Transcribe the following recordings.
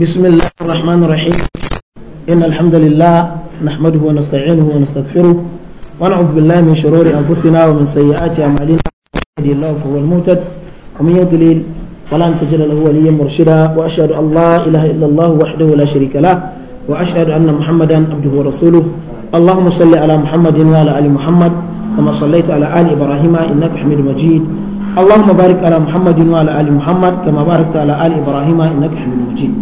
بسم الله الرحمن الرحيم إن الحمد لله نحمده ونستعينه ونستغفره ونعوذ بالله من شرور أنفسنا ومن سيئات أعمالنا يهدي الله فهو المهتد ومن يضلل فلن تجد له وليا مرشدا وأشهد أن لا إله إلا الله وحده لا شريك له وأشهد أن محمدا عبده ورسوله اللهم صل على محمد وعلى آل محمد كما صليت على آل إبراهيم إنك حميد مجيد اللهم بارك على محمد وعلى آل محمد كما باركت على آل إبراهيم إنك حميد مجيد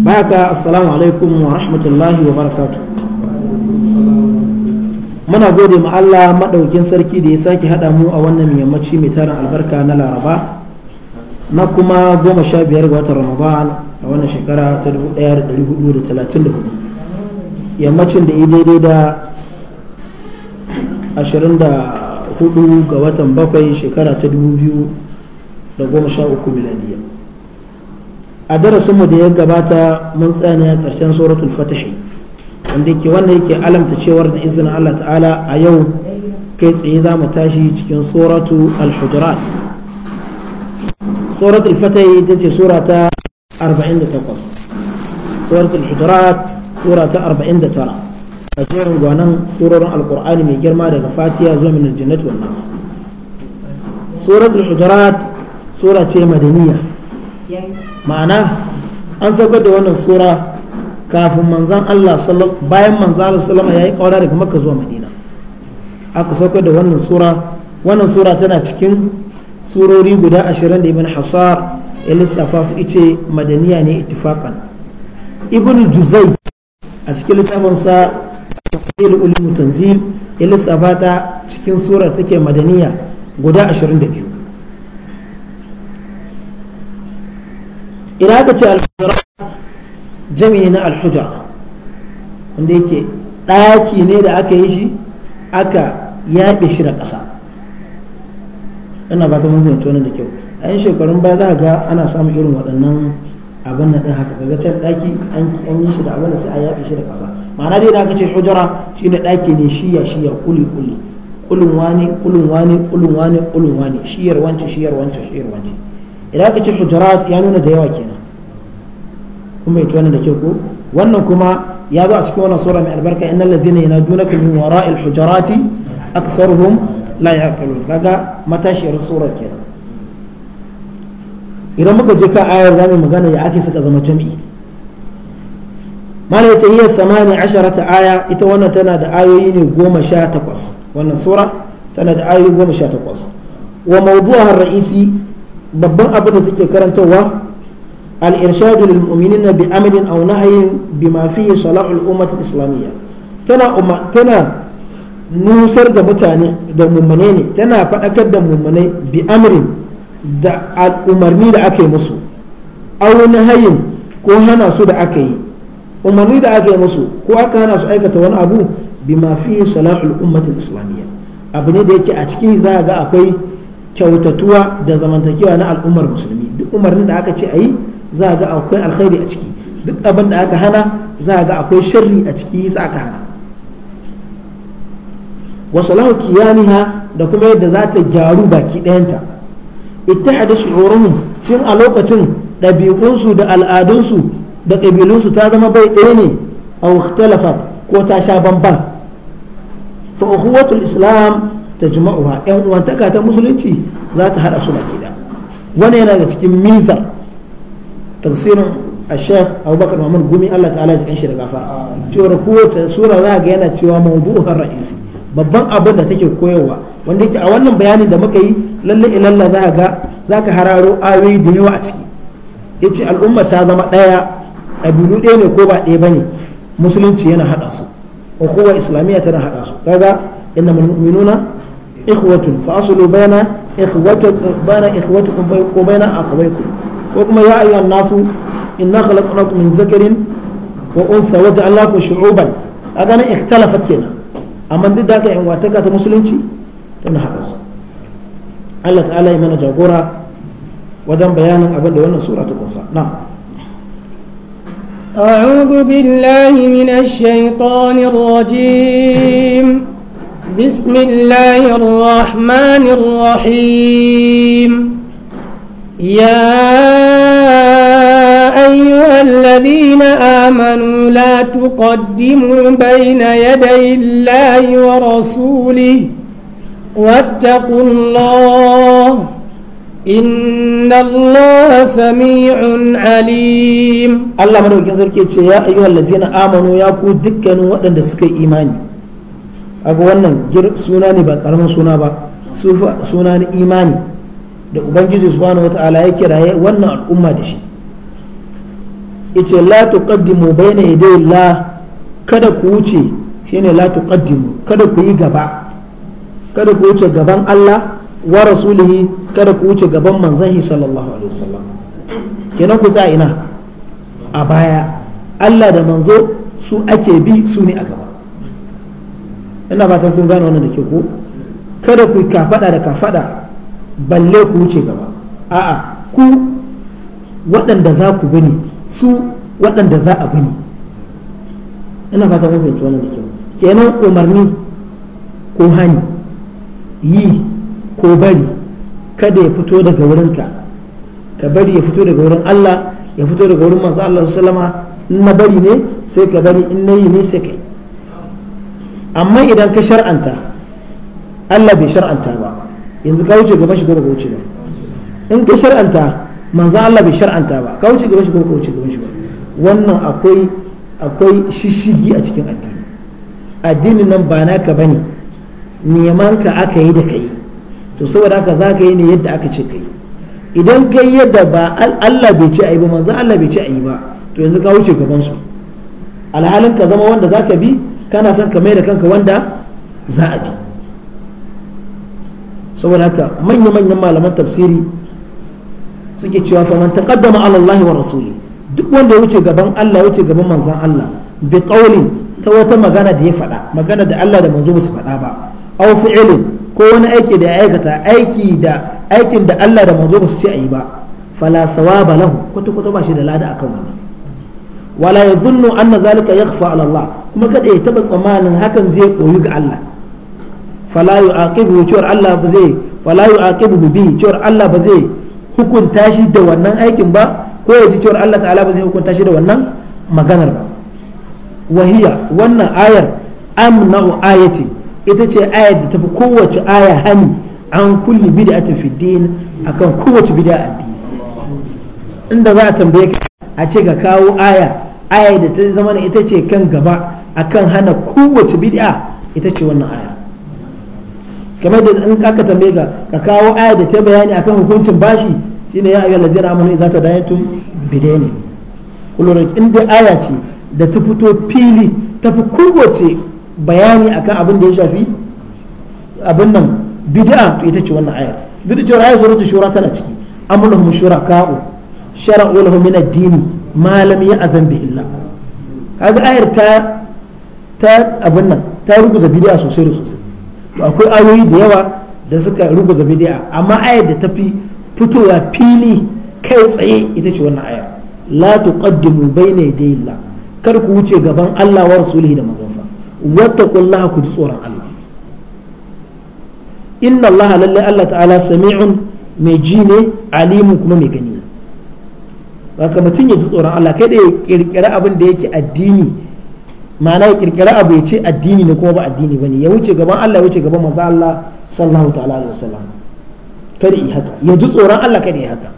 baka assalamu alaikum wa rahmatullahi wa barakatu muna gode ma Allah madaukin sarki da ya sake hada mu a wannan yammaci mai tarin albarka na laraba na kuma goma sha biyar ga watan ramadan a wannan shekara ta 1434 yammacin da ya daidai da 24 ga watan bakwai shekara ta 2013 miladiya a darasinmu da ya gabata mun tsani a ƙarshen suratul fatihi wanda yake wannan yake alamta cewar da izinin Allah ta'ala a yau kai tsaye za mu tashi cikin suratu al-hujurat suratul fatihi ita ce sura ta 48 suratul hujurat sura ta 49 a jerin gwanan surorin alkur'ani mai girma daga fatiya zuwa min aljannati wan nas suratul hujurat sura ce madaniya ma'ana an saukar da wannan sura kafin manzan Allah bayan manzan Allah sallama ya yi ƙaura daga maka zuwa madina aka saukar da wannan sura wannan tana cikin surori guda ashirin da ibn hasar ya lissafa su ice madaniya ne ittifaqan ibn juzai a cikin littafinsa tafsir ulimu tanzil ya lissafa ta cikin sura take madaniya guda ashirin da biyu idan aka ce jami'i na alhujra wanda yake daki ne da aka yi shi aka yaɓe shi da ƙasa ina ba ta mun wannan da kyau a yin shekarun baya za ka ga ana samun irin waɗannan abin na ɗin haka kaga can daki an yi shi da abin da sai a yaɓe shi da ƙasa ma'ana dai da aka ce hujara ne daki ne shiya shiya kuli kuli kulun wani kulun wani kulun wani kulun wani shiyar wance shiyar wance shiyar wance idan aka ce hujurat ya nuna da yawa kenan kun da ko wannan kuma ya zo a cikin wannan sura mai albarka innal ladzina yanadunaka min wara'il hujurati aktharuhum la yaqilun kaga matashiyar sura kenan idan muka je ka ayar zamu magana ya ake suka zama jami'i malai ta hiya samani asharata aya ita wannan tana da ayoyi ne goma sha takwas wannan sura tana da ayoyi goma sha takwas wa har ra'isi babban abin da take karantarwa al-irshadu lil mu'minina bi amrin aw nahyin bima fihi salahul ummati islamiyya tana tana nusar da mutane da mummune ne tana fadakar da mummune bi amrin da umarni da aka yi musu aw nahyin ko hana su da aka yi umarni da aka yi musu ko aka hana su aikata wani abu bima fihi salahul ummati islamiyya abu ne da yake a ciki za a ga akwai kyautatuwa da zamantakewa na al'ummar musulmi duk umarnin da aka ce a yi za a ga akwai alkhairi a ciki duk abin da aka hana za a ga akwai sharri a ciki sa aka hana wasu lahu da kuma yadda za ta gyaru baki ɗayanta ittihada shu'uruhum cin a lokacin ɗabi'unsu da al'adunsu da ƙabilunsu ta zama bai ɗaya ne a ikhtalafat ko ta sha bamban fa ukhuwatul islam ta juma'uwa yan uwantaka ta musulunci za ta hada su baki da wani yana ga cikin mizar tafsirin ashek abubakar mamman gumi allah ta'ala jikin shi da gafa. cewar kowace sura za ga yana cewa mawdu'uhar ra'isi babban abin da take koyarwa wanda yake a wannan bayanin da muka yi lalle ilalla za ga za ka hararo ayoyi da yawa a ciki yace al'umma ta zama ɗaya ƙabilu ɗaya ne ko ba ɗaya bane musulunci yana haɗa su ukuwa islamiyya tana haɗa su kaga innamal mu'minuna ikhwatun fa aslu baina ikhwatun baina ikhwatukum wa baina akhawaykum ko kuma ya ayyuhan nasu inna khalaqnakum min dhakarin wa untha wa ja'alnakum shu'uban kaga nan ikhtalafat kenan amma duk da haka in wataka ta musulunci tana haɗa su Allah ta'ala ya mana jagora wajen bayanin abin da wannan sura ta kusa na أعوذ بالله من الشيطان الرجيم بسم الله الرحمن الرحيم يا أيها الذين آمنوا لا تقدموا بين يدي الله ورسوله واتقوا الله إن الله سميع عليم الله منو كذلك يا أيها الذين آمنوا يا كو دكا وأن سكي إيماني aga wannan suna ne ba karamin suna ba suna na imani da ubangiji subhanahu ta'ala ya kira wannan al'umma da shi ita la tuqaddimu bayna yaday Allah kada ku wuce shine la tuqaddimu kada ku yi gaba kada ku wuce gaban Allah wa rasulihi kada ku wuce gaban manzon sallallahu alaihi wasallam kenan ku za ina a baya Allah da manzo su ake bi su ne a gaba ina fatan kun gane wannan da ke ko kada ku fada da fada balle ku wuce gaba a'a ku waɗanda za ku bini su waɗanda za a bini ina fatan kun fahimci wannan da ke kenan umarni ko hani yi ko bari kada ya fito daga wurinka ka bari ya fito daga wurin Allah ya fito daga wurin manzo Allah sallama in na bari ne sai ka bari in nayi yi ne sai kai amma idan ka shar'anta Allah bai shar'anta ba yanzu ka wuce gaban shi ka wuce ba in ka shar'anta manzo Allah bai shar'anta ba ka wuce gaban shi ka wuce gaba shigar ba wannan akwai akwai shishigi a cikin addini addinin nan ba naka bane neman ka aka yi da kai to saboda haka za ka yi ne yadda aka ce kai idan kai yadda ba Allah bai ce ayi ba manzo Allah bai ce ayi ba to yanzu ka wuce gaban su alhalin ka zama wanda zaka bi kana son ka mai da kanka wanda za a bi saboda haka manya-manyan malaman tafsiri suke cewa fa man taqaddama ala wa rasuli duk wanda ya wuce gaban Allah ya wuce gaban manzon Allah bi qawlin ta wata magana da ya faɗa magana da Allah da manzo ba su faɗa ba aw fi'lin ko wani aiki da ya aikata aiki da aikin da Allah da manzo ba su ce yi ba fala sawaba lahu kwata kwata ba shi da lada akan wannan wala ya zunnu anna zalika yakhfa ala Allah kuma kada ya taba tsamanin hakan zai koyu ga Allah fala yu'aqibu cewar Allah ba zai fala yu'aqibu bi cewar Allah ba zai hukunta shi da wannan aikin ba ko ya ji cewar Allah ta'ala ba zai hukunta shi da wannan maganar ba wahiya wannan ayar amna'u ayati ita ce ayar da tafi kowace aya hani an kulli bid'atin fid din akan kowace bid'a addini inda za a tambaye ka a ce ka kawo aya aya da ta zama ita ce kan gaba akan hana kowace bid'a ita ce wannan aya kamar da in aka tambaye ka ka kawo aya da ta bayani akan hukuncin bashi shine ya ayyuhal ladzina amanu idza tun bidai ne in inda aya ce da ta fito fili ta fi kowace bayani akan abin da ya shafi abin nan bid'a to ita ce wannan ayar duk da cewa ayar suratul shura tana ciki shura ka'u shara'u lahu min ad-dini ma lam ya'zan bi illa kaga ayar ta ta abin nan ta ruguza bid'a sosai da sosai to akwai ayoyi da yawa da suka ruguza bid'a amma ayar da tafi fitowa fili kai tsaye ita ce wannan ayar la tuqaddimu bayna yaday Allah kar ku wuce gaban Allah wa rasulihi da manzansa wattaqullaha ku ji tsoron Allah inna Allah lalle Allah ta'ala sami'un mai ji ne alimu kuma mai gani haka mutum ya ji tsoron Allah kai da ya kirkira abin da yake addini ma'ana ya kirkira abu ya ce addini ne kuma ba addini bane ya wuce gaban Allah ya wuce gaban manzo Allah sallallahu ta'ala alaihi wasallam kada yi haka ya ji tsoron Allah kada yi haka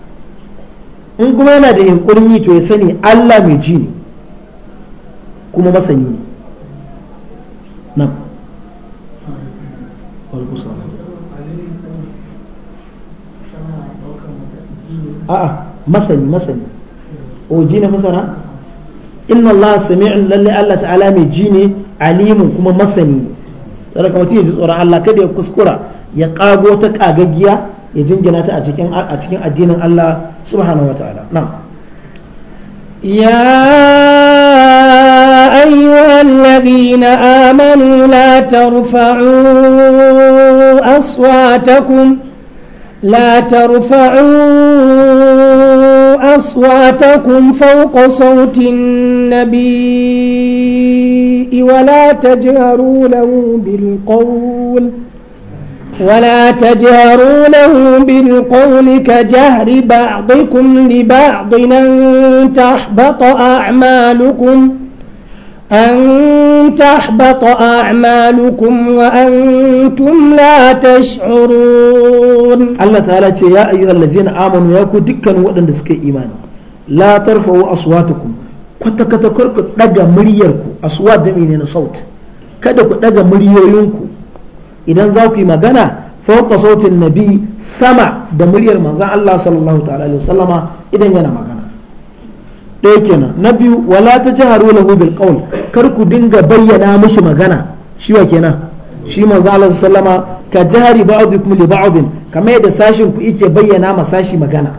in kuma yana da yunkurin yi to ya sani Allah mai ji ne kuma masani ne na a'a masani masani o ji na fasara inna Allah sami'un lalle Allah ta'ala mai ji ne alimun kuma masani ne tsara kamar ya ji tsoron Allah kada ya kuskura ya kago ta kagaggiya ya jingina ta a cikin addinin Allah subhanahu wa ta'ala na'am يا أيها الذين آمنوا لا ترفعوا أصواتكم لا ترفعوا أصواتكم فوق صوت النبي ولا تجهروا له بالقول ولا تجهروا له بالقول كجهر بعضكم لبعض أن تحبط أعمالكم ۖ أن تحبط أعمالكم وأنتم لا تشعرون الله تعالى يا أيها الذين آمنوا ياكو دكا وأن دسكي إيمان لا ترفعوا أصواتكم kwata kwata kar ku daga muryarku aswat dami ne na kada ku daga muryoyinku idan za ku yi magana fauka sautin nabi sama da muryar manzon Allah sallallahu ta'ala idan yana magana ɗaya kenan na biyu wala ta jaharu lahu bil qawl kar ku dinga bayyana mishi magana shi wa kenan shi manzo Allah sallama ka jahari ba'dukum li ba'din kamar yadda sashin ku yake bayyana ma sashi magana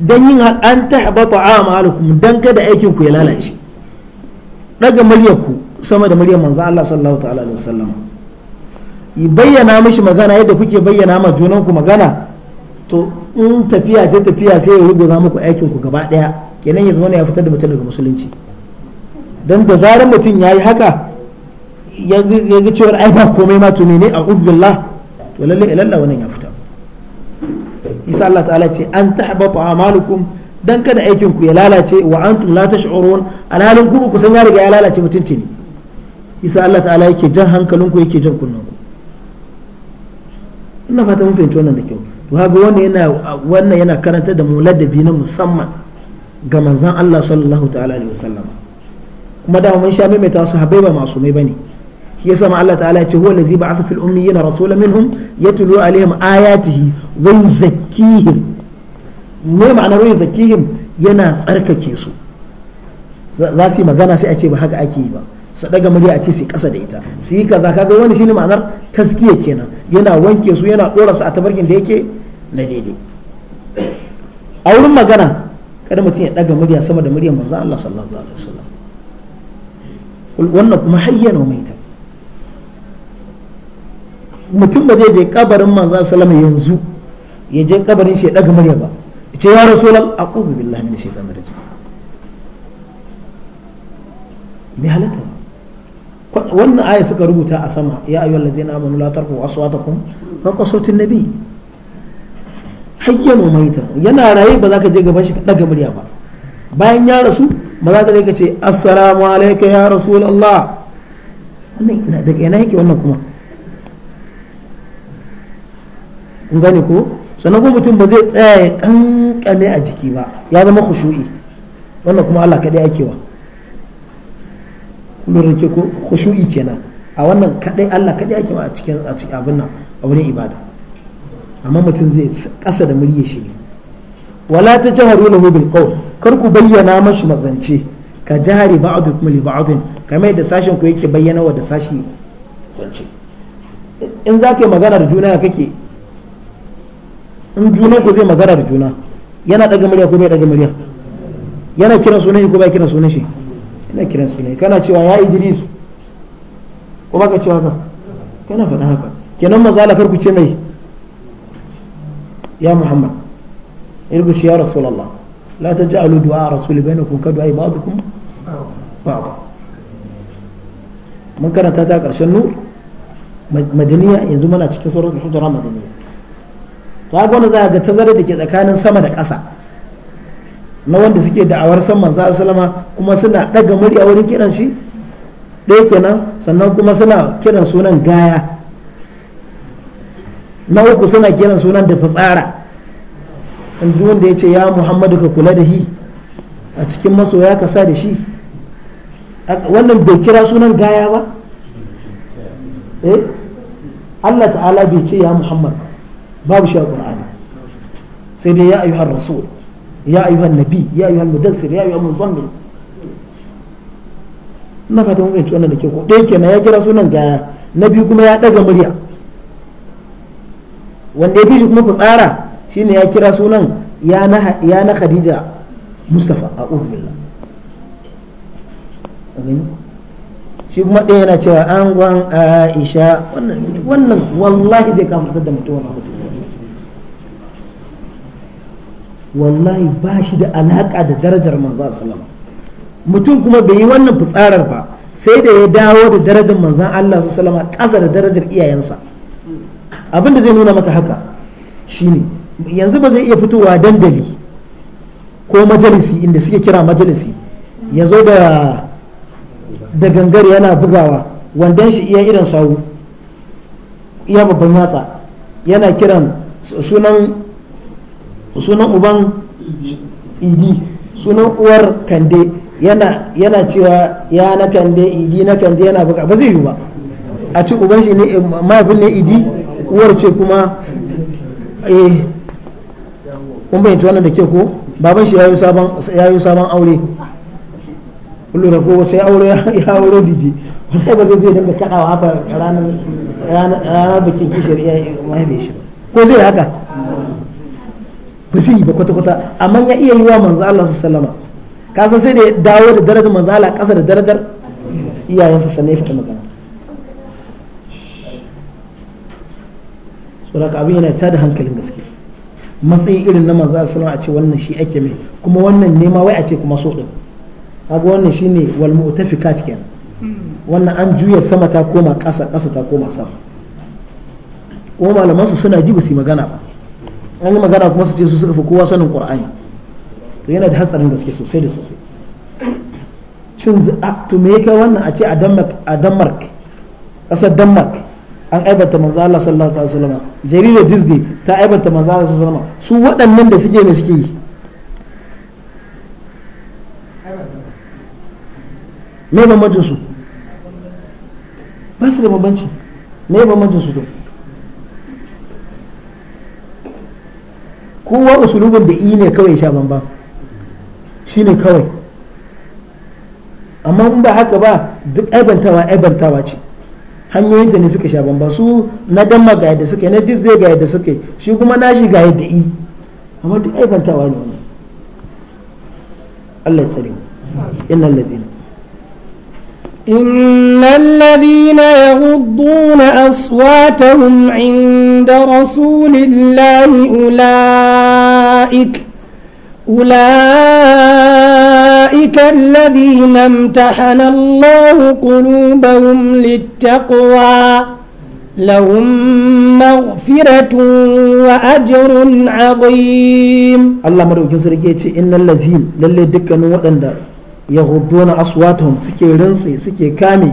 dan yin an tahbata amalukum dan kada aikin ku ya lalace daga muryar ku sama da muryar manzo Allah sallallahu ta'ala alaihi wasallam bayyana mishi magana yadda kuke bayyana ma junanku magana to in tafiya ta tafiya sai ya rubuta muku aikin ku gaba daya kenan yanzu wani ya fitar da mutum daga musulunci dan da zarar mutum yayi haka ya ga cewar ai ba komai ma to ne a'udhu billah to lalle ilalla eh, wannan ya fita isa Allah ta'ala ce an tahbata amalukum dan kada aikin ku ya lalace wa antum la tash'urun alhalin ku ku san ya riga ya lalace mutunci ne isa Allah ta'ala yake jan hankalinku yake jan kunnanku ina fata mun fahimci wannan da kyau ga wannan yana karanta da mu ladabi na musamman ga manzan Allah sallallahu ta'ala alaihi wasallam kuma da mun sha maimaita su habai ba masu mai bane shi yasa Allah ta'ala ya ce huwa allazi ba'atha fil ummiyina rasulan minhum yatlu alaihim ayatihi wa yuzakkihim me ma'anar wa yuzakkihim yana tsarkake su za su yi magana sai a ce ba haka ake yi ba su daga murya a ce su kasa da ita su yi kaza kaga wani shine ma'anar taskiya kenan yana wanke su yana dora su a tabarkin da yake na daidai a wurin magana kada mutum ya daga murya sama da muryar manzon Allah sallallahu alaihi wasallam wannan kuma hayyana mai ta mutum ba zai je kabarin manzon sallallahu yanzu ya je kabarin shi ya daga murya ba ce ya rasulal aqubu billahi min shaitanir rajim bi halaka wannan aya suka rubuta a sama ya ayyuhallazina amanu la tarfu aswatakum fawqa sautin nabi hayyan wa maita yana raye ba za ka je gaban shi ka daga murya ba bayan ya rasu ba za ka je ka ce assalamu alayka ya rasulullah wannan ina daga yana yake wannan kuma kun gane ko sannan kuma mutum ba zai tsaya ya kankame a jiki ba ya zama khushu'i wannan kuma Allah kadai ake wa kullum ke ko khushu'i kenan a wannan kadai Allah kadai ake wa a cikin abin nan a wurin ibada amma mutum zai kasa da murya shi ne wala ta jaharu lahu bil qawl kar ku bayyana masu mazance ka jahari ba'dukum li ba'din kamar yadda sashen ku yake bayyana wa da sashi zance in za ka yi magana da juna kake in juna ku zai magana da juna yana daga murya ko bai daga murya yana kiran sunan shi ko bai kiran sunan shi yana kiran sunan shi kana cewa ya Idris ko baka cewa haka kana faɗa haka kenan maza la kar ku ce mai يا محمد يلقش يا رسول الله لا تجعلوا دعاء رسول بينكم كدعاء بعضكم بعض من كانت هذا قرشن نور مدنية ينزو منا تشكي صورة الحجرة مدنية فأقول إذا قد تزرد كذا كان سمد أسا na wanda suke da'awar san manzo sallama كما سنة daga murya wurin kiran shi ɗaya كنا سنة كما سنة كنا سنة gaya na uku suna kiran sunan da fitsara duk wanda ya ce ya muhammadu ka kula da shi a cikin masoya ka sa da shi wannan bai kira sunan gaya ba eh Allah ta'ala bai ce ya muhammad babu shi a qur'ani sai dai ya ayyuhar rasul ya ayyuhar nabi ya ayyuhar mudaththir ya ayyuhar muzammil ina fata mun fahimci wannan da ke ko ɗaya kenan ya kira sunan gaya na biyu kuma ya ɗaga murya wanda ya fi shi kuma fitsara shine ya kira sunan ya na khadija mustafa a uzbillah shi kuma ɗaya yana cewa an gwan aisha wannan wallahi zai kama da mutum wannan mutum wallahi ba shi da alaƙa da darajar manzan sallam mutum kuma bai yi wannan fitsarar ba sai da ya dawo da darajar manzan Allah su salama ƙasa da darajar iyayensa abin da zai nuna maka haka shine yanzu ba zai iya fitowa dandali ko majalisi inda suke kira majalisi ya zo da da gangare yana bugawa wandan shi iya irin sawu iya babban yatsa yana kiran sunan sunan uban idi sunan uwar kande yana cewa ya na kande idi na kande yana buga ba zai yi ba a ci uban shi ne mahaifin ne idi uwar ce kuma eh kun bayyanta wannan da ke ko baban shi ya yi sabon aure kullum da ko sai aure ya aure diji wani ba zai zai dinga kaɗawa haka ranar bikin kishiyar iya mahaifin shi ko zai haka ba yi ba kwata-kwata amma ya iya yi wa manzo Allah su salama kasa sai da dawo da darajar manzo Allah ƙasa da darajar iyayensa sannan ya fita magana saboda abin yana tada hankalin gaske matsayi irin na manzo sallallahu a ce wannan shi ake mai kuma wannan nema wai a ce kuma so din kaga wannan shine wal mu'tafikat ken wannan an juya sama ta koma kasa kasa ta koma sama kuma malaman su suna ji ba su magana ba an yi magana kuma su ce su suka fi kowa sanin qur'ani to yana da hatsarin gaske sosai da sosai cin to me yake wannan a ce a Denmark a Denmark ƙasar Denmark an aibata manzo Allah sallallahu alaihi wasallam jarida disney ta aibata manzo Allah sallallahu alaihi wasallam su waɗannan da suke ne suke yi me bambancin su ba su da bambanci me bambancin su don kowa usulubin da i ne kawai sha shi ne kawai amma in ba haka ba duk aibantawa aibantawa ce hanyoyin da ne suka sha bamban su na damma ga yadda suka yi na disney ga yadda suka yi shi kuma nashi ga yadda yi amma duk aibantawa ne wannan Allah ya tsare mu innal ladina إن الذين يغضون أصواتهم عند رسول الله أولئك أولئك أولئك الذين امتحن الله قلوبهم للتقوى لهم مغفرة وأجر عظيم الله مرحبا كن سرقية إن الذين للي دكا نوطن دا يغضون أصواتهم سكي رنسي سكي كامي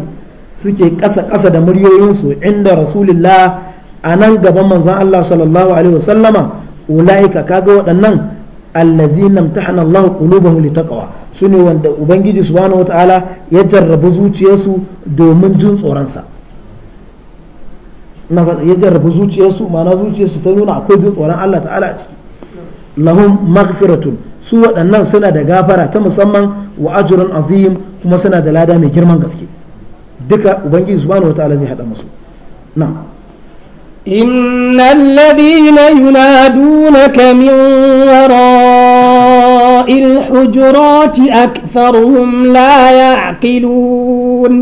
سكي قسا قسا دا مريوينسو عند رسول الله أنان قبا من الله صلى الله عليه وسلم أولئك كاقا وطنن الذين امتحن الله قلوبهم لتقوى su ne wanda ubangiji subhanahu ala ya jarrabu zuciyarsu domin jin tsoronsa ya jarrabu zuciyarsu ma'ana zuciyarsu ta nuna akwai jin tsoron Allah ta'ala a ciki lahum maghfiratun su waɗannan suna da gafara ta musamman wa ajrun azim kuma suna da lada mai girman gaske duka ubangiji subhanahu ala zai hada musu na'am inna الذين yunadunaka min wara' الحجرات أكثرهم لا يعقلون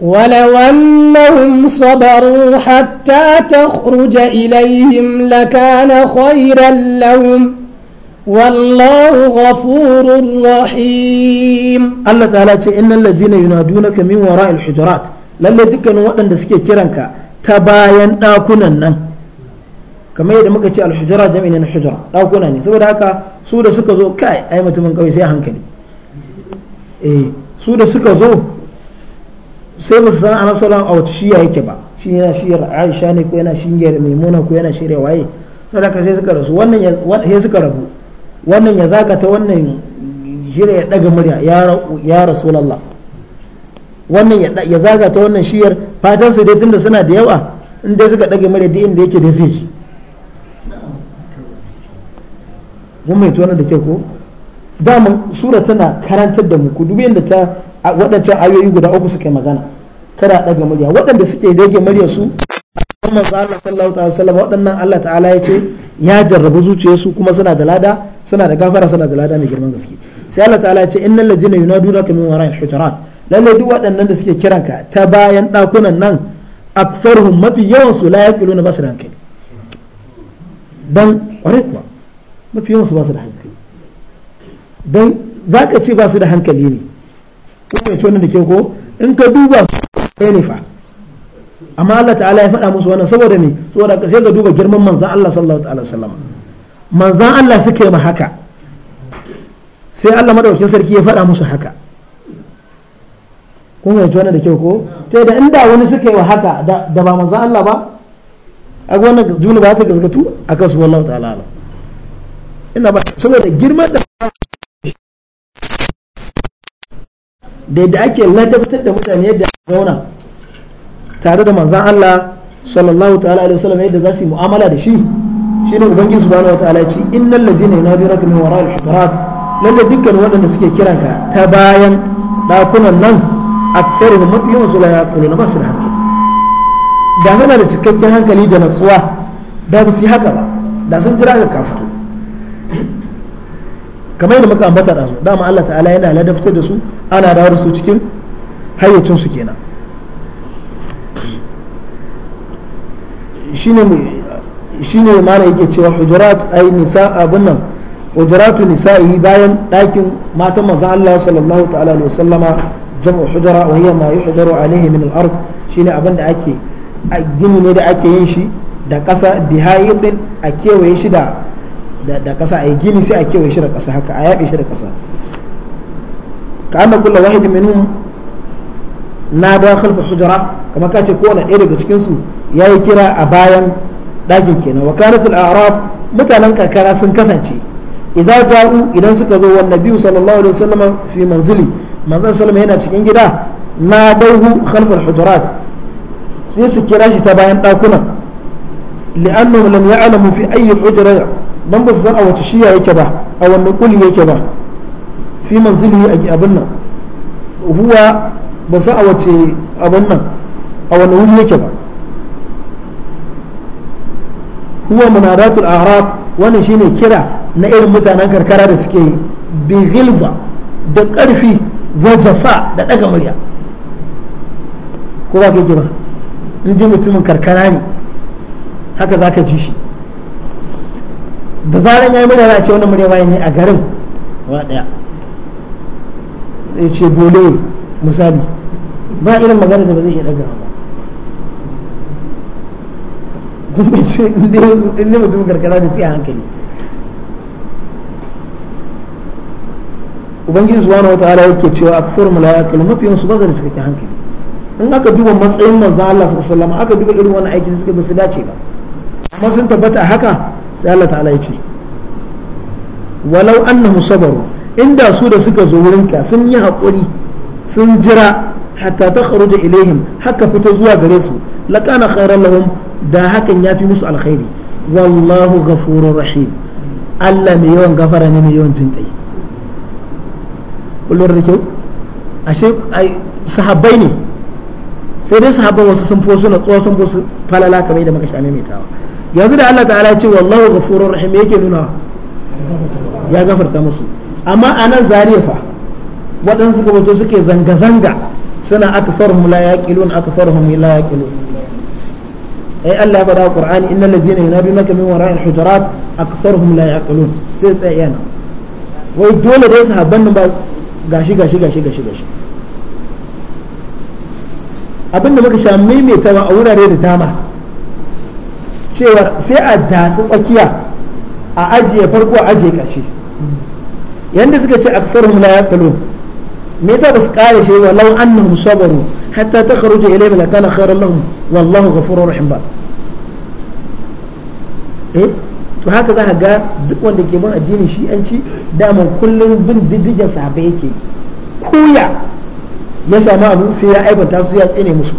ولو أنهم صبروا حتى تخرج إليهم لكان خيرا لهم والله غفور رحيم الله تعالى إن الذين ينادونك من وراء الحجرات لن يدكن وقتا تسكي كيرانك تباين آكونا kamar yadda muka ce alhujura jami'in na hujura ɗakuna ne saboda haka su da suka zo kai ai mutumin kawai sai hankali eh su da suka zo sai musu san ana salon a wata shiya yake ba shi yana shiyar aisha ne ko yana shiyar maimuna ko yana shirya waye saboda haka sai suka rasu wannan ya suka rabu wannan ya zakata wannan shirya ya daga murya ya rasulullah wannan ya zagata wannan shiyar fatan su dai tunda suna da yawa in dai suka daga murya duk inda yake da zai shi mun mai tona da ke ko daman sura tana karantar da mu ku dubi yadda ta waɗancan ayoyi guda uku suka yi magana kada daga murya waɗanda suke rage murya su amma Allah sallallahu alaihi wasallam waɗannan Allah ta'ala ya ce ya jarrabu zuciyarsu kuma suna da lada suna da gafara suna da lada mai girman gaske sai Allah ta'ala ya ce innal ladina yunadunaka min wara'il hujurat lalle duk waɗannan da suke kiranka ta bayan ɗakunan nan aktharuhum mafi yawan su la yaqiluna basu da dan kuwa mafi su ba su da hankali don za ka ce ba su da hankali ne kuma ya ce wannan da ke ko in ka duba su ne fa amma Allah ta'ala ya faɗa musu wannan saboda ne saboda ka sai ka duba girman manzan Allah sallallahu alaihi wasallam manzan Allah suke ma haka sai Allah madaukin sarki ya faɗa musu haka kuma yanci wannan da ke ko ta da inda wani suke wa haka da ba manzan Allah ba a wannan juna ba ta gaskatu akan su wallahu ta'ala ina ba saboda girman da da yadda ake ladabtar da mutane yadda zauna tare da manzan Allah sallallahu ta'ala alaihi wasallam yadda za su yi mu'amala da shi shine ubangiji subhanahu wa ta'ala ce innal ladina yunadunaka min wara'il hukarat lalle dukkan waɗanda suke kiranka ta bayan dakunan nan akfaru mafi yawan su la yaquluna ba su da hankali da suna da cikakken hankali da natsuwa da ba su yi haka ba da sun jira ka fito kamar yadda muka ambata da su dama Allah ta'ala yana ladabtar da su ana dawo da su cikin hayyacin su kenan shine shine mana yake cewa hujurat ay nisa abun nan hujuratu nisa'i bayan dakin matan manzo Allah sallallahu ta'ala alaihi wasallama jam'u hujara wa hiya ma yuhdaru alaihi min al-ard shine abin da ake gini ne da ake yin shi da ƙasa bihayatin a kewaye shi da da ƙasa a yi gini sai a kewaye shi da ƙasa haka a yaɓe shi da ƙasa ka anna kulla wahidin minhum na da khalfa hujra kamar ka ce kowane ɗaya daga cikin su yayi kira a bayan ɗakin kenan wakalatul arab mutanen karkara sun kasance idan ja'u idan suka zo wannan biyu sallallahu alaihi wasallam fi manzili manzon sallama yana cikin gida na dauhu khalfal hujurat sai su kira shi ta bayan ɗakunan li'annahum lam ya'lamu fi ayyi hujra dan ba su san a wace shiya yake ba a wanne kuli yake ba fi manzilihi a abin nan huwa ba su a wace abin nan a wanne wuri yake ba huwa munadatul arab wannan shine kira na irin mutanen karkara da suke bi ghilza da ƙarfi wajafa da ɗaga murya ko ba ke ba in ji mutumin karkara ne haka za ka ji shi da zaran ya yi murya za a ce wani murya bayan ne a garin wa daya zai ce bole misali ba irin magana da ba zai iya daga ba kuma ce inda mutum karkara da tsaye hankali ubangiji wani wata ala yake cewa kalu mafi mafiyan su bazar suka ke hankali in aka duba matsayin manzan Allah sallallahu alaihi wasallam aka duba irin wani aiki da suka ba su dace ba amma sun tabbata haka sai Allah ta'ala ya ce walau annahum sabaru inda su da suka zo wurin ka sun yi haƙuri sun jira hatta ta da ilaihim haka fita zuwa gare su laƙana khairan lahum da hakan ya fi musu alkhairi wallahu ghafurur rahim Allah mai yawan gafara ne mai yawan jin jinkai kullum da kyau ashe sahabbai ne sai dai sahabban wasu sun fi wasu natsuwa sun fi falala kamar da muka sha maimaitawa yanzu da Allah ta'ala ce wallahu ghafurur rahim yake nuna ya gafarta musu amma anan zariya fa waɗansu gabato suke zanga-zanga suna akfarhum la yaqilun akfarhum la yaqilun ai Allah ya faɗa Qur'ani innal ladina ka min wara'il hujurat akfarhum la yaqilun sai sai yana wai dole dai sahabban nan ba gashi gashi gashi gashi gashi abinda muka sha maimaitawa a wurare da dama cewa sai a datsi tsakiya a ajiye farko a ajiye ƙarshe yadda suka ce hula ya talo me yasa ba su kare shi wa na musu sabaru hatta ta takhruja ilai la kana khairan lahum wallahu ghafurur rahim ba eh to haka za a ga duk wanda ke bin addinin shi an ci daman kullum bin diddigin sahabbai yake kuya ya samu abu sai ya aibanta su ya tsine musu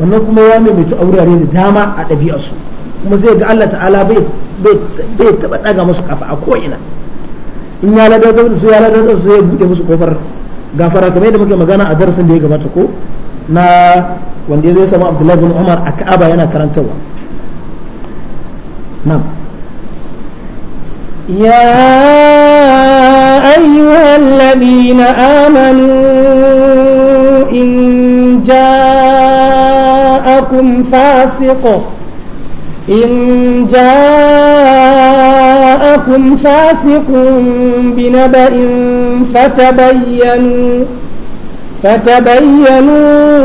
wannan kuma ya maimaitu a wurare da dama a ɗabi'arsu kuma zai ga Allah ta'ala bai taɓa ɗaga musu kafa a ko'ina in ya ladar da su ya da su ya buɗe musu kofar gafara kamar yadda muke magana a darasin da ya gabata ko na wanda ya zo samu Abdullahi bin Umar a Ka'aba yana karantawa. نعم يا أيها الذين آمنوا معكم فاسق إن جاءكم فاسق بنبأ فتبينوا فتبينوا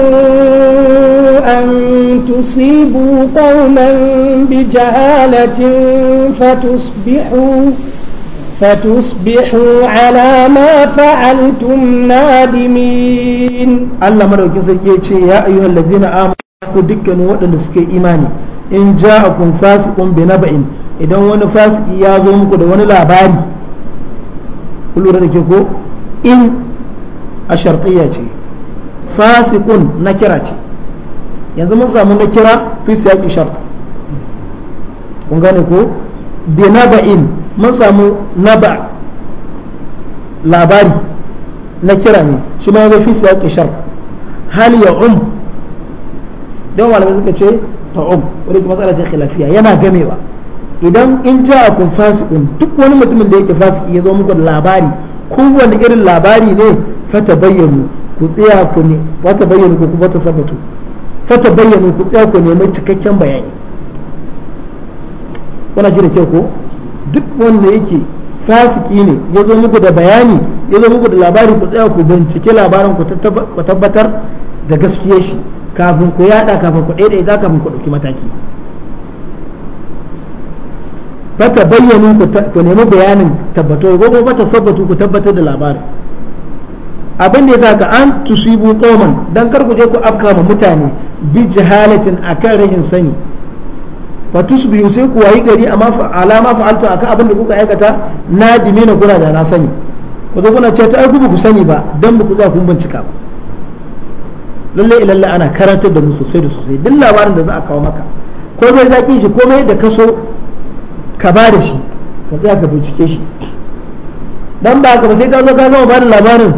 أن تصيبوا قوما بجهالة فتصبحوا فتصبحوا على ما فعلتم نادمين الله مدوكين سركي يا ايها الذين امنوا ku dukkanin waɗanda suke imani in ja'akum fasiqun binaba'in idan wani fasiki ya zo muku da wani labari ku lura da ke ko in a shartiya ce fasikun na kira ce yanzu mun samu na kira fi siyaki sharta kun gane ko binaba'in mun samu naba labari na kira ne shi ma ya fi siyaki sharta hal ya umu don malamai suka ce ta'um wani kuma tsara ce khilafiya yana gamewa idan in kun fasikun duk wani mutumin da yake fasiki ya zo muku da labari wani irin labari ne fata bayyanu ku tsaya ku ne fata bayyanu ku kuma sabatu fata bayyanu ku tsaya ku nemi cikakken bayani kuna ji da kyau ko duk wanda yake fasiki ne ya zo muku da bayani ya zo muku da labari ku tsaya ku bincike labarin ku tabbatar da gaskiyar shi kafin ku yada kafin ku daidaita kafin ku dauki mataki fata bayyanu ku nemi bayanin tabbato ko kuma fata sabbatu ku tabbatar da labarin abin da yasa ka an tusibu qauman dan kar ku je ku afka ma mutane bi jahalatin akan rahin sani fa tusbihu sai ku wayi gari amma fa alama alto akan abin da kuka aikata na kuna da na sani ku zo kuna ce ta ai ku ba ku sani ba dan ba ku za ku bincika ba lalle lalle ana karantar da mu sosai da sosai duk labarin da za a kawo maka ko bai zaki shi ko mai da kaso ka ba da shi ka tsaya ka bincike shi dan ba ka ba sai ka zo ka gama ba da labarin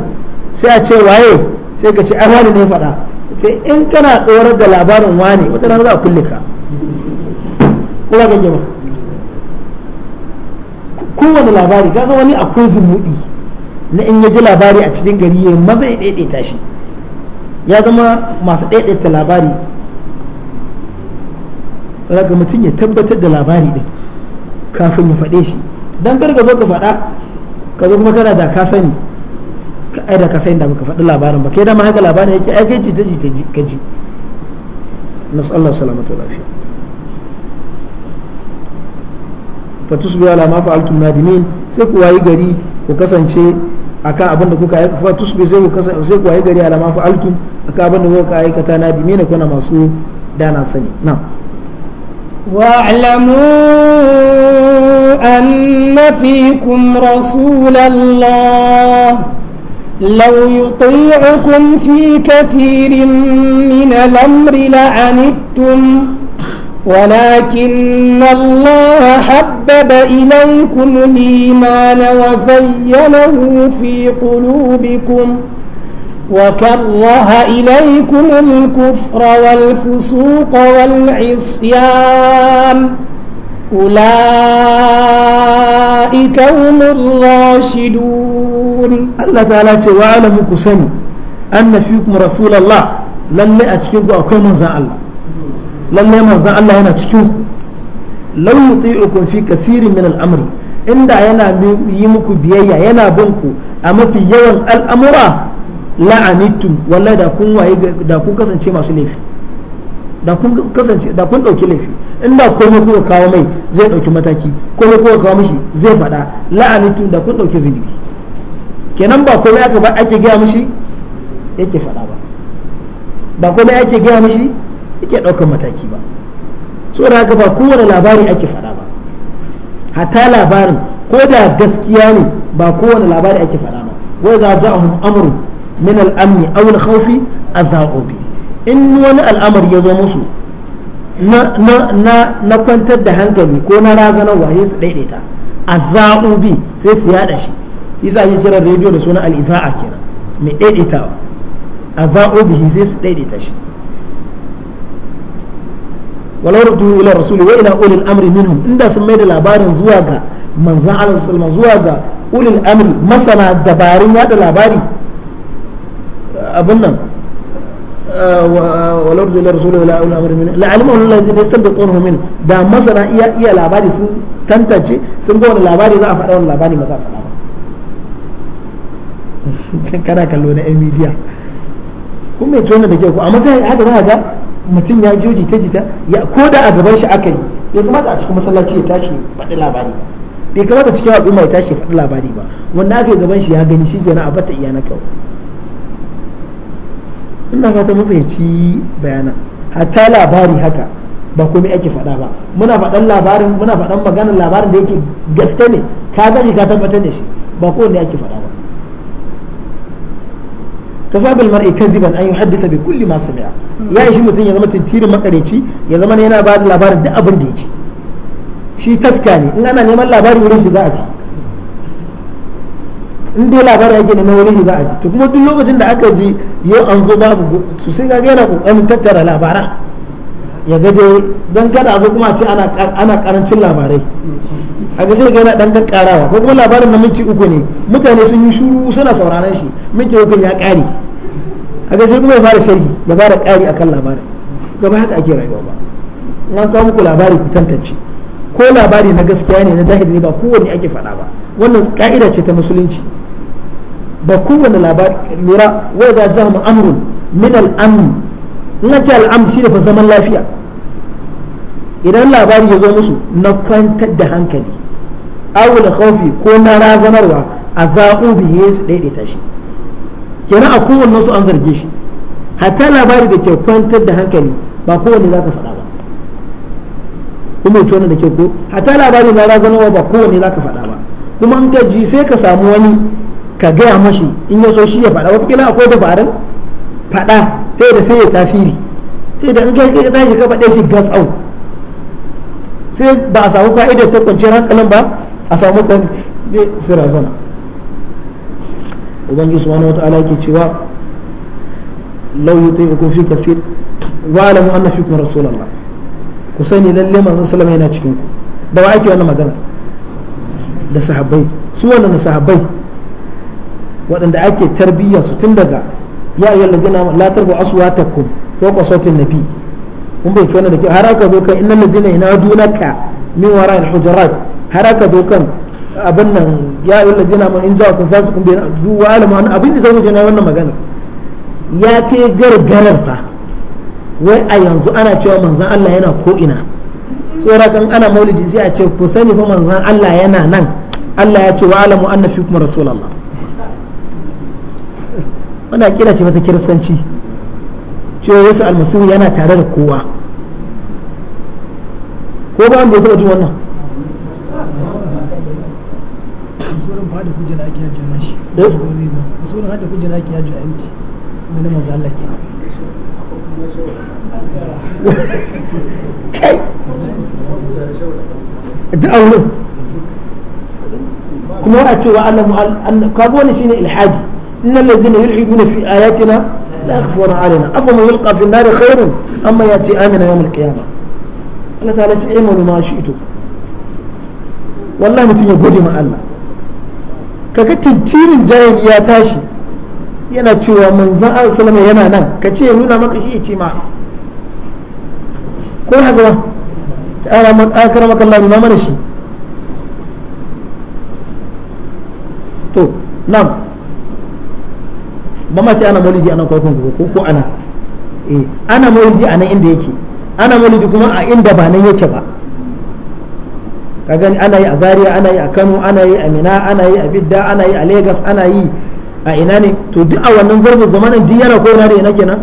sai a ce waye sai ka ce ai wani ne faɗa sai in kana ɗorar da labarin wani wata rana za a kulle ka ko ba kake ba kowane labari ka san wani akwai zumuɗi na in ya ji labari a cikin gari ya maza ya daidaita shi ya zama masu ɗaiɗaita labari daga mutum ya tabbatar da labari ɗin kafin ya faɗe shi don gargaba ka faɗa ka zo kuma kana da ka sani ka ai da ka sani da baka faɗi labarin ba kai dama haka labarin yake ai kai jita jita ka ji nasallahu salamatu lafiya fa biya la ma altun nadimin sai ku wayi gari ku kasance akan abin da kuka yi fa tusbihu sai ku kasance sai ku wayi gari ala ma altun. أكابن abin da kuka aikata na dimina kuna masu dana sani na واعلموا أن فيكم رسول الله لو يطيعكم في كثير من الأمر لعنتم ولكن الله حبب إليكم الإيمان وزينه في قلوبكم ۖ وكره إليكم الكفر والفسوق والعصيان أولئك هم الراشدون الله تعالى وعلم كسني أن فيكم رسول الله لن أتكيكم أكون منزع الله لن منزع الله أنا أتكيكم لو يطيعكم في كثير من الأمر inda yana yi muku biyayya yana bin ku a mafi yawan al'amura la'anittum wallahi da kun waye da kun kasance masu laifi da kun kasance da kun dauki laifi inda komai kuka kawo mai zai dauki mataki komai kuka kawo mishi zai faɗa la'anittum da kun dauki zunubi kenan ba komai aka ba ake gaya mishi yake faɗa ba ba komai ake gaya mishi yake daukan mataki ba saboda haka ba kowane labari ake faɗa ba hatta labarin ko da gaskiya ne ba kowane labari ake faɗa ba wai za a ja'ahum amru min al'amni aw al-khawfi adha'u bi in wani al'amari ya zo musu na kwantar da hankali ko na razanarwa sai su daidaita adha'u bi sai su yada shi yasa ake kiran rediyo da suna al-idha'a kenan mai daidaitawa adha'u bihi sai su daidaita shi walau rudu ila rasuli wa ila ulil amri minhum inda sun mai da labarin zuwa ga manzan zuwa ga ulil amri masana dabarun yaɗa labari abin nan walar da rasulullahi la ilaha illa min la alima wallahi da yastanbituhu min da masana iya iya labari sun tantance sun ga wani labari za a faɗa wani labari ba za a faɗa ba kana kallo na yan media kun mai tona da ke ku amma sai haka za ga mutum ya ji jita jita ya ko da a gaban shi aka yi bai kamata a cikin masallaci ya tashi faɗi labari bai kamata cikin al'umma ya tashi faɗi labari ba wanda aka yi gaban shi ya gani shi kenan a bata iya na kawai ina fata mafahimci bayanan hatta labari haka ba komai ake faɗa ba muna faɗan labarin muna faɗan maganar labarin da yake gaske ne ka gashi ka tabbatar da shi ba kowanne ake faɗa ba kafa bil mar'i ziba an yuhaddisa bi kulli ma sami'a ya ishi mutum ya zama tintirin makareci ya zama yana ba da labarin duk abin da ci shi taska ne in ana neman labarin wurin shi za a ci in dai labari ake na wani za a ji to kuma duk lokacin da aka ji yau an zo babu su sai kaga yana kokarin tattara labaran ya ga dai don kada abu kuma ce ana karancin labarai a ga sai yana dan kakkarawa ko kuma labarin na minti uku ne mutane sun yi shuru suna sauraron shi minti uku ya kare a ga sai kuma ya fara sharhi ya fara kare akan labarin gaba haka ake rayuwa ba na kawo muku labari ku tantance ko labari na gaskiya ne na dahiri ne ba kowanne ake faɗa ba wannan ka'ida ce ta musulunci ba kowane labari lura wai da jahum amrun min al'amu na in ce al-amn shi zaman lafiya idan labari ya zo musu na kwantar da hankali awul khawfi ko na razanarwa a bi biye su daidaita shi kenan a kowane su an zarge shi hatta labari da ke kwantar da hankali ba kowanne za ka faɗa ba kuma ce wannan da ke ko hatta labari na razanarwa ba kowanne za ka faɗa ba kuma an ka ji sai ka samu wani ka gaya mashi in ya so shi ya faɗa wataƙila akwai dabarun faɗa ta da sai ya tasiri ta da in ka ka tashi ka faɗe shi gatsau sai ba a samu fa'ida ta kwanciyar hankalin ba a samu ta ne sira sana ubangiji wata ala ke cewa lauyi ta yi fi kathir wa alamu anna kuma rasulallah ku sani lalle manzon salama yana cikin ku da wa ake wannan magana da sahabbai su wannan sahabbai waɗanda ake tarbiyya su tun daga ya ayyuhal ladina la ko aswatakum fawqa na bi kun bai wannan da ke har aka zo kan ina duna ka min in hujurat har aka zo kan abin nan ya ayyuhal ladina ma in fasi fasiqun bi du wa alama wani abin da zai na wannan magana ya kai gargarar fa wai a yanzu ana cewa manzan Allah yana ko ina tsorakan ana maulidi sai a ce ku sani fa manzan Allah yana nan Allah ya ce wa alamu anna kuma rasulullah wani akida ce mata kiristanci cewa yesu almasihu yana tare da kowa ko ba wanda ya taɓa jin wannan eh? kuma cewa ilhadi إن الذين يلحدون في آياتنا لا يخفون علينا أفمن يلقى في النار خير أما يأتي آمنا يوم القيامة Allah ta ce imanu ma shi ito wallahi mutum ya gode ma Allah kaga tintirin jayin ya tashi yana cewa manzon Allah sallama yana nan ka ce ya nuna maka shi ce ma ko haka ba ta ara man akara maka Allah nuna mana shi to nan ba ma ce ana maulidi ana kwakwan gobe ko ko ana eh ana maulidi a nan inda yake ana maulidi kuma a inda ba nan yake ba ka gani ana yi a zaria ana yi a kano ana yi a mina ana yi a bidda ana yi a lagos ana yi a ina ne to duk a wannan zarfin zamanin duk yana koyana da ina kenan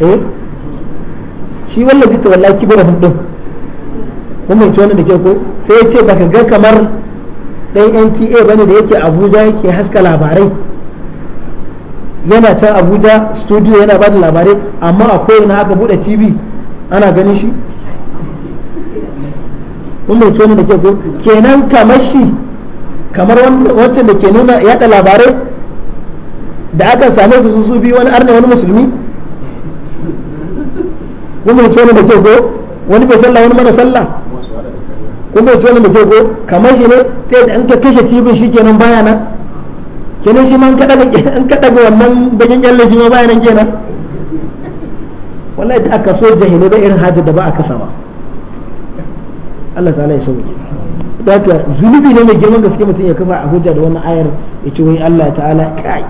eh shi wallahi ta wallahi kibirin din kuma ce wannan da ke ko sai ya ce baka ga kamar ɗan nta bane da yake abuja yake haska labarai yana can abuja studio yana ba da labarai amma a kowane aka bude tv ana ganin shi wannan tsohon da ke ko kenan kamar shi kamar wancan da ke nuna yada labarai da aka same su su biyu wani arna wani musulmi wannan tsohon da ke ko wani bai sallah wani mara sallah kuma bai ne mutum ko kamar shi ne ta da an ka kashe tibin shi kenan baya nan kenan shi ma an kaɗa ga wannan bayan yalle shi ma baya nan kenan wallahi da aka so jahilai ba irin hajji da ba a kasa ba Allah ta'ala ya sauke da haka zunubi ne mai girman gaske mutum ya kafa a hujja da wannan ayar ya ce wai Allah ta'ala kai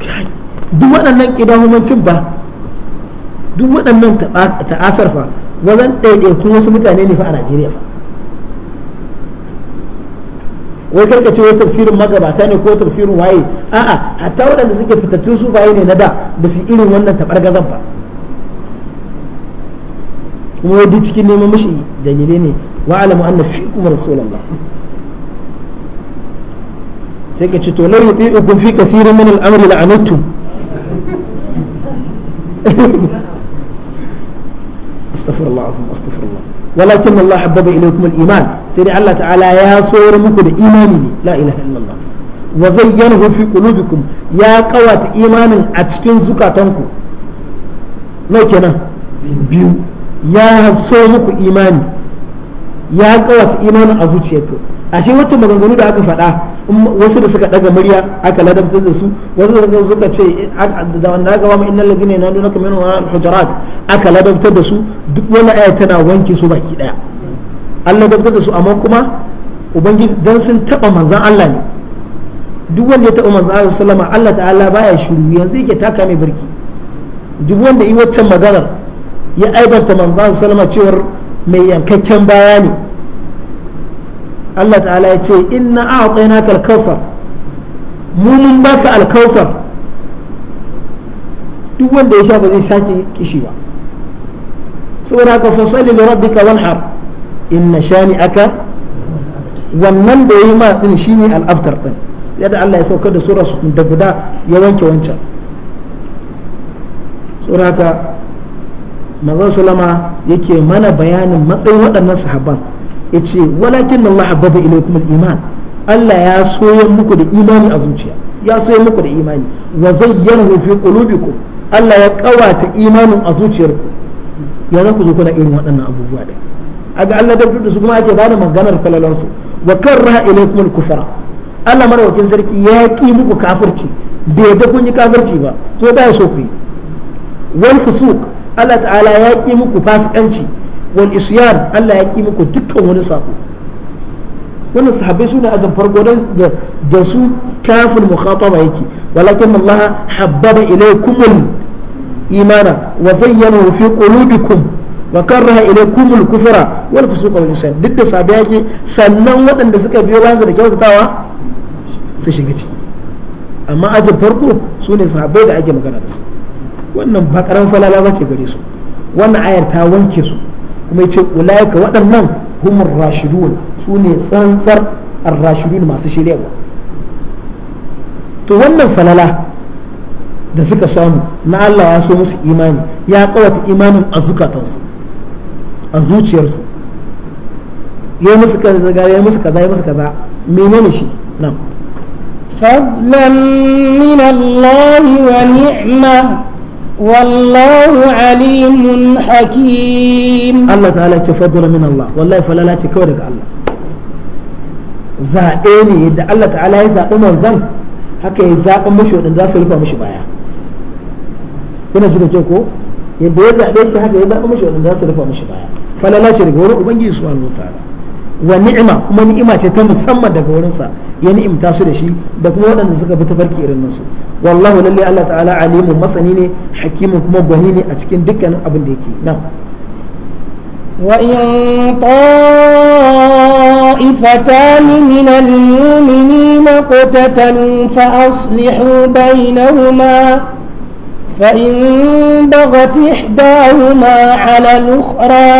kai duk waɗannan kidahumancin ba duk waɗannan ta'asar fa wajen ɗaiɗaikun wasu mutane ne fa a najeriya wai karka ce wai tafsirin magabata ne ko tafsirin waye a'a hatta waɗanda suke fitattun su baye ne na da ba su irin wannan tabargazan ba kuma wai duk cikin neman mashi dalilai ne wa alamu anna fikum rasulullah sai ka ce to law yuti'ukum fi kathirin min al-amri la'anatu. astaghfirullah azim astaghfirullah walakin Allah al-iman sai dai Allah ta'ala ya soya muku da imani ne la ilaha illallah wa zayyanahu fi qulubikum ya kawata imanin a cikin zukatanku no kenan biyu ya so muku imani ya kawata imanin a zuciyarku ashe wata maganganu da aka faɗa wasu da suka daga murya aka ladabtar da su wasu da suka ce da wanda aka bamu innal ladina na kamar wa hujurat aka ladabtar da su duk wani aya tana wanke su baki daya an ladabtar da su amma kuma ubangiji dan sun taba manzan Allah ne duk wanda ya taba manzan Allah sallama Allah ta'ala baya shiru yanzu yake taka mai birki duk wanda yi waccan maganar ya aibanta manzan Allah sallama cewar mai yankakken baya ne Allah ta'ala ya ce inna a'tainaka al-kawthar mu mun baka al duk wanda ya sha ba zai sake kishi ba saboda haka fasali li rabbika wanhar inna aka wannan da yayi ma din shine al-aftar din yadda Allah ya saukar da sura da guda ya wanke wancan saboda haka manzon sallama yake mana bayanin matsayin waɗannan sahabban yace walakin Allah habbaba ilaykum al-iman Allah ya soya muku da imani a zuciya ya soya muku da imani wa zayyanahu fi qulubikum Allah ya kawata imanin a zuciyarku ya ku zo kuna irin waɗannan abubuwa da aga Allah da da su kuma ake bada maganar falalan su wa karraha ilaykum al-kufra Allah marawakin sarki ya ki muku kafirci bai da kun yi kafirci ba to ba so ku yi wal fusuq Allah ta'ala ya ki muku fasikanci wal isyan Allah ya ki muku dukkan wani sako wannan sahabbai suna ajin farko da da su kafin mukhataba yake walakin Allah habbaba ilaykumul imana wa zayyana fi qulubikum wa karraha ilaykumul kufra wal fusuqa wal isyan duk da sahabbai yake sannan waɗanda suka biyo basu da kyautatawa su shiga ciki amma ajin farko su ne sahabbai da ake magana da su wannan ba karan falala ce gare su wannan ayar ta wanke su kuma yace ulaika waɗannan humur rashidun su ne tsantsar ar-rashidun masu shiryarwa to wannan falala da suka samu na Allah ya so musu imani ya kawata imanin a zukatansu a zuciyarsu ya yi musu kaza ya yi musu kaza ya yi musu kaza menene shi nan fadlan min Allah wa ni'ma والله عليم حكيم الله تعالى تفضل من الله والله فلا لا تكورك الله zaɓe ne da Allah ta'ala ya zaɓi manzan haka ya zaɓi mashi waɗanda za su rufa mashi baya kuna shi da ke ko yadda ya zaɓe haka ya zaɓi mashi waɗanda za su rufa mashi baya wa ni'ima kuma ni'ima ce ta musamman daga wurinsa ya ni'imta su da shi da kuma waɗanda suka bi tafarki irin nasu wallahu lalle Allah ta'ala alimun masani ne hakimin kuma gwani ne a cikin dukkanin abin da yake nan وإن طائفتان fa المؤمنين اقتتلوا فأصلحوا بينهما فإن بغت إحداهما على الأخرى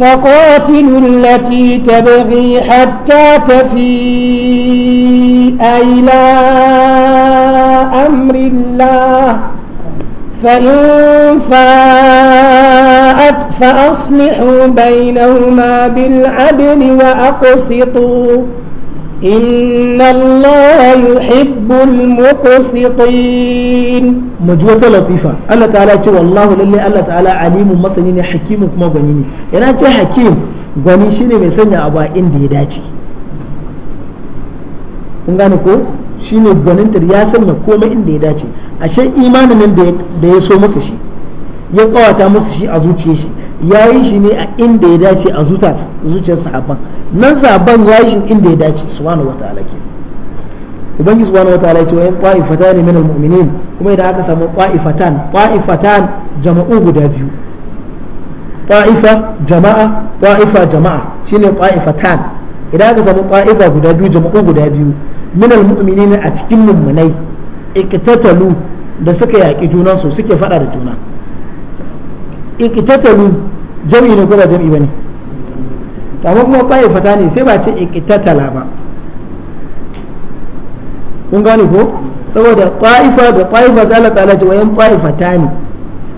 فقاتلوا التي تبغي حتى تفيء إلى أمر الله فإن فاءت فأصلحوا بينهما بالعدل وأقسطوا إن الله يحب المقسطين مجوة لطيفة الله تعالى والله للي الله تعالى عليم مسنين حكيم كما غنيني أنا جاء حكيم غني شيني مسنيا أبا إن دي داتي ungane شيني shine ترياسا ya sanya komai inda ya dace ashe imanin دي da مسشي so masa shi ya ya yi shi ne a inda ya dace a zuciyar sahabban nan sahabban ya yi shi inda ya dace subhanahu wataala ke ubangi subhanahu wataala ya ce wayan ne min almu'minin kuma idan aka samu ta'ifatan ta'ifatan jama'u guda biyu ƙwa'ifa jama'a ƙwa'ifa jama'a shine ƙwa'ifatan idan aka samu ƙwa'ifa guda biyu jama'u guda biyu min almu'minin a cikin mummunai iktatalu da suka yaƙi junansu suke faɗa da juna iqtatalu jam'i ne ko ba jam'i bane to amma kuma ta'ifata ne sai ba ce iqtatala ba kun gane ko saboda ta'ifa da ta'ifa sai Allah ta'ala ce wayan ne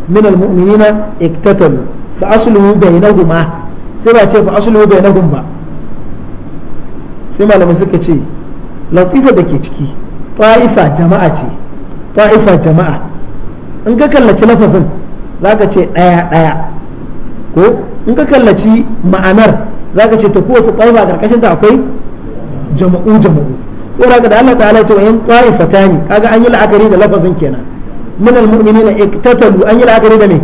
min almu'minina iqtatalu fa asluhu bainahuma sai ba ce fa asluhu bainahum ba sai malamai suka ce latifa da ke ciki ta'ifa jama'a ce ta'ifa jama'a in ka kallaci lafazin za ka ce ɗaya ɗaya ko in ka kallaci ma'anar za ka ce ta kowace ƙaifa ƙarƙashin ta akwai jama'u jama'u tsora haka da Allah ta'ala ce wa in ta'ifatani kaga an yi la'akari da lafazin kenan min na iktatalu an yi la'akari da me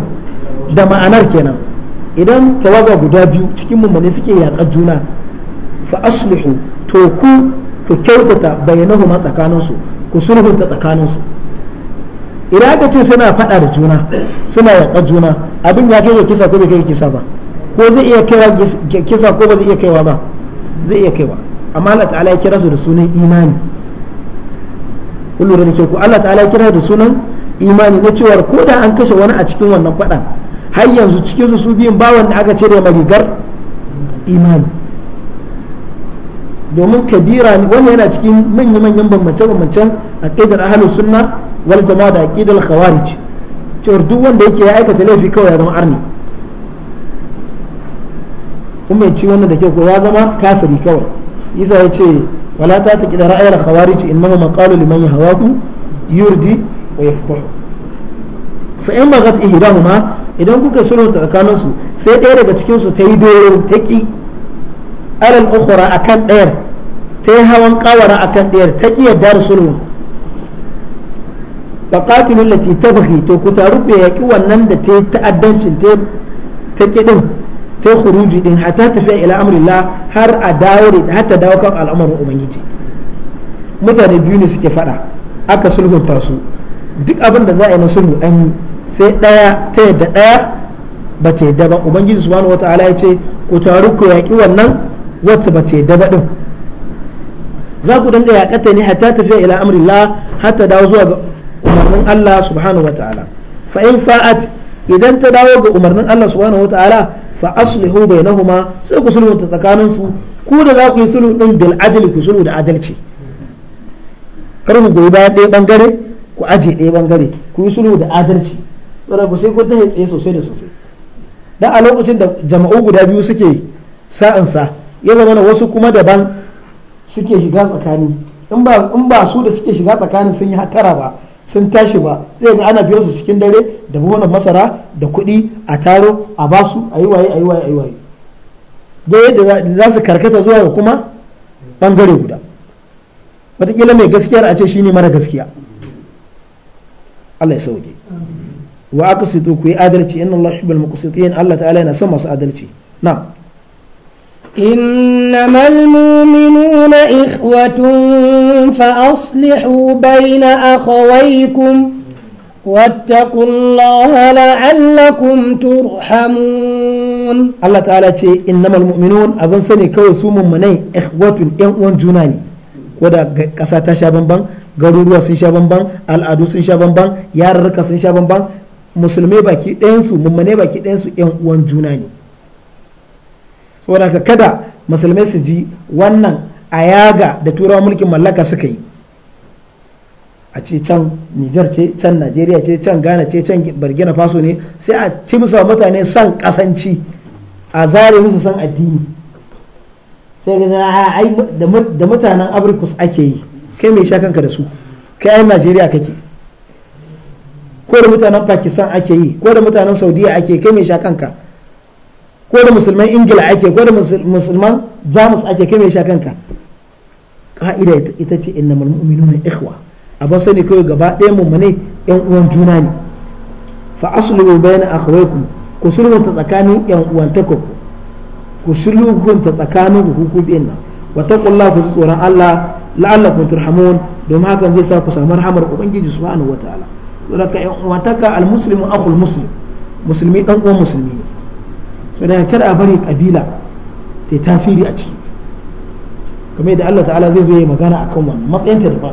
da ma'anar kenan idan tawaga guda biyu cikin mummune suke yaƙar juna fa aslihu to ku ku kyautata bayanahuma tsakaninsu ku sulhunta tsakaninsu idan aka ce suna faɗa da juna suna yaƙar juna abin ya kai kisa ko bai kai kisa ba ko zai iya kaiwa kisa ko ba zai iya kaiwa ba zai iya kaiwa amma Allah ta'ala ya kira su da sunan imani kullu da ke ku Allah ta'ala ya kira da sunan imani na cewa ko da an kashe wani a cikin wannan faɗa har yanzu cikin su su biyun ba wanda aka cire marigar imani domin kabira wannan yana cikin manya-manyan bambance-bambancen a ƙidar ahalus sunna wal jama'a da aqidal khawarij cewar duk wanda yake ya aikata laifi kawai ya zama arni kuma ci wannan da ke ko ya zama kafiri kawai isa ya ce wala ta ta kida ra'ayar khawarij innahu maqalu liman yahawahu yurdi wa yaftahu fa in bagat ihdahuma idan kuka sulhu tsakanin su sai ɗaya daga cikin su ta yi doyo ta ki alal ukhra akan ɗayar ta yi hawan kawara akan ɗayar ta ki yadda da sulhu lati ta tabghi to ku taru ku yaƙi wannan da ta ta'addancin ta ta kidin ta khuruji din hatta tafiya ila amrillah har a dawo da ta dawo kan al'amarin ubangiji mutane biyu ne suke faɗa aka sulhunta su duk abin da za a yi na sulhu an yi sai ɗaya ta yadda ɗaya ba ta yadda ba ubangiji subhanahu ala ya ce ku taru ku yaƙi wannan wacce ba ta yadda ba ɗin za ku dinga yaƙata ne hatta tafiya ila har ta dawo zuwa ga. umarnin Allah subhanahu wataala fa in fa'at idan ta dawo ga umarnin Allah subhanahu wataala fa aslihu bainahuma sai ku ta tsakanin su ku da za ku yi sulhu din bil adli ku sulhu da adalci kar ku goyi bayan ɗaya bangare ku aje ɗaya bangare ku yi sulhu da adalci tsara ku sai ku ta tsaye sosai da sosai dan a lokacin da jama'u guda biyu suke sa ya zama wasu kuma daban suke shiga tsakani in ba su da suke shiga tsakanin sun yi hatara ba sun tashi ba sai ga ana biyo su cikin dare da buhunan masara da kuɗi a taro a basu a yi waye a yi waye a yi waye da yadda za su karkata zuwa ga kuma bangare guda wataƙila mai gaskiyar a ce shine mara gaskiya Allah ya sauke wa aka ku yi adalci inna Allah yuhibbul muqsitin Allah ta'ala yana son masu adalci na. إنما المؤمنون إخوة فأصلحوا بين أخويكم واتقوا الله لعلكم ترحمون الله تعالى إنما المؤمنون أبن سني كو سوم مني إخوة إن جناني ودا كساتا شابن garuruwa sun sha bamban al'adu sun sha bamban yarurruka sun sha bamban musulmai baki ɗayansu mummane baki ɗayansu 'yan uwan juna ne saboda ka kada musulmai su ji wannan a yaga da turawa mulkin mallaka suka yi a ce can nijar ce can najeriya ce can ghana ce can burkina faso ne sai a ci musu mutane san kasanci a zare musu san addini sai ga da mutanen abrikus ake yi kai mai sha kanka da su kai ai najeriya kake ko da mutanen pakistan ake yi ko da mutanen saudiya ake kai mai sha kanka ko da musulman ingila ake ko da musulman jamus ake kai mai sha kanka ka'ida ita ce innamal mu'minuna ikhwa abin sani kawai gaba ɗaya mummune yan uwan juna ne fa aslu bayna akhawaykum ku sulhunta tsakanin yan uwantakum ku sulhunta tsakanin ku biyan nan wa taqullaha ku tsoron Allah la'allakum turhamun domin hakan zai sa ku samu rahamar ubangiji subhanahu wataala saboda ka yan uwantaka al-muslimu akhul muslim musulmi dan uwan musulmi ne so da kada a bari kabila ta tasiri a ciki kamar yadda Allah ta'ala zai zo magana a akan wannan matsayinta da ba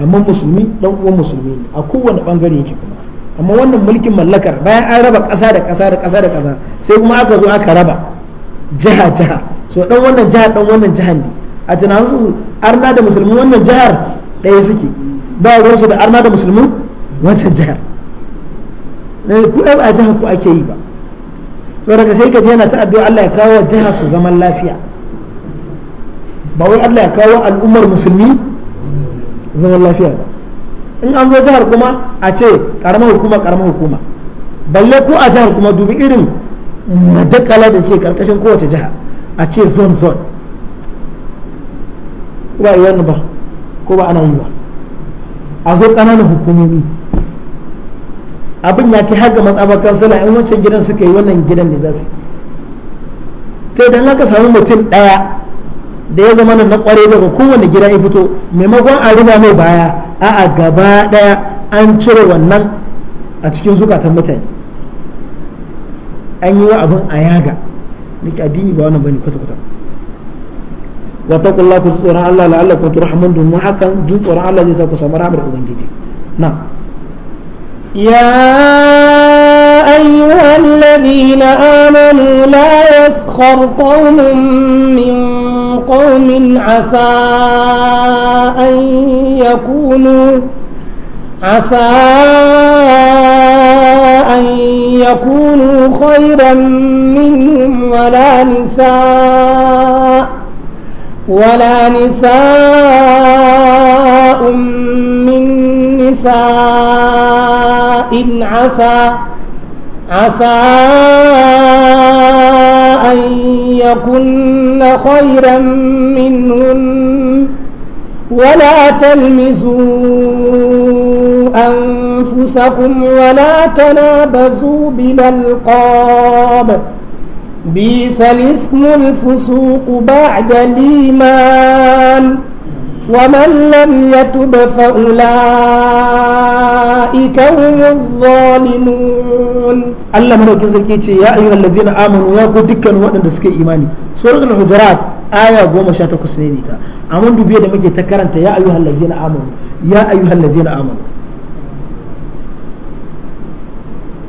amma musulmi dan uwan musulmi ne a kowane bangare yake kuma amma wannan mulkin mallakar bayan an raba ƙasa da ƙasa da ƙasa da ƙasa sai kuma aka zo aka raba jiha jiha so dan wannan jihar dan wannan jihar ne a tunaninsu arna da musulmi wannan jihar ɗaya suke ba ruwansu da arna da musulmi wancan jihar eh, ku a jihar ku ake yi ba saboda sai ka je yana ta addu'a Allah ya kawo jiha su zaman lafiya ba wai Allah ya kawo al'ummar musulmi zaman lafiya ba in an zo jihar kuma a ce karamar hukuma karamar hukuma balle ko a jihar kuma dubi irin madakala da ke karkashin kowace jiha a ce zone zone ba yi wani ba ko ba ana yi ba a zo ƙananan hukumomi abin ya ke har ga matsabakan sallah in wancan gidan suka yi wannan gidan ne za su ta da aka samu mutum daya da ya zama na kware daga kowane gida ya fito maimakon a riba mai baya a a gaba ɗaya an cire wannan a cikin zukatan mutane an yi wa abin a yaga ke addini ba wannan bane kwata-kwata wata kulla tsoron Allah la'alla ku turhamun domin hakan jin tsoron Allah zai sa ku samu rahmar ubangiji na. يا أيها الذين آمنوا لا يسخر قوم من قوم عسى أن يكونوا عسى أن يكونوا خيرا منهم ولا نساء ولا نساء من نساء إن عسى عسى أن يكن خيرا منهن ولا تلمزوا أنفسكم ولا تنابزوا بالألقاب بئس الاسم الفسوق بعد الإيمان ومن لم يتب فأولئك هم الظالمون الله مرة كذا كيتي يا أيها الذين آمنوا يا قد كانوا وأنا دسكي إيماني سورة الحجرات آية قوم شاتك سنينيتا أمون دبيا دمك تكرنت يا أيها الذين آمنوا يا أيها الذين آمنوا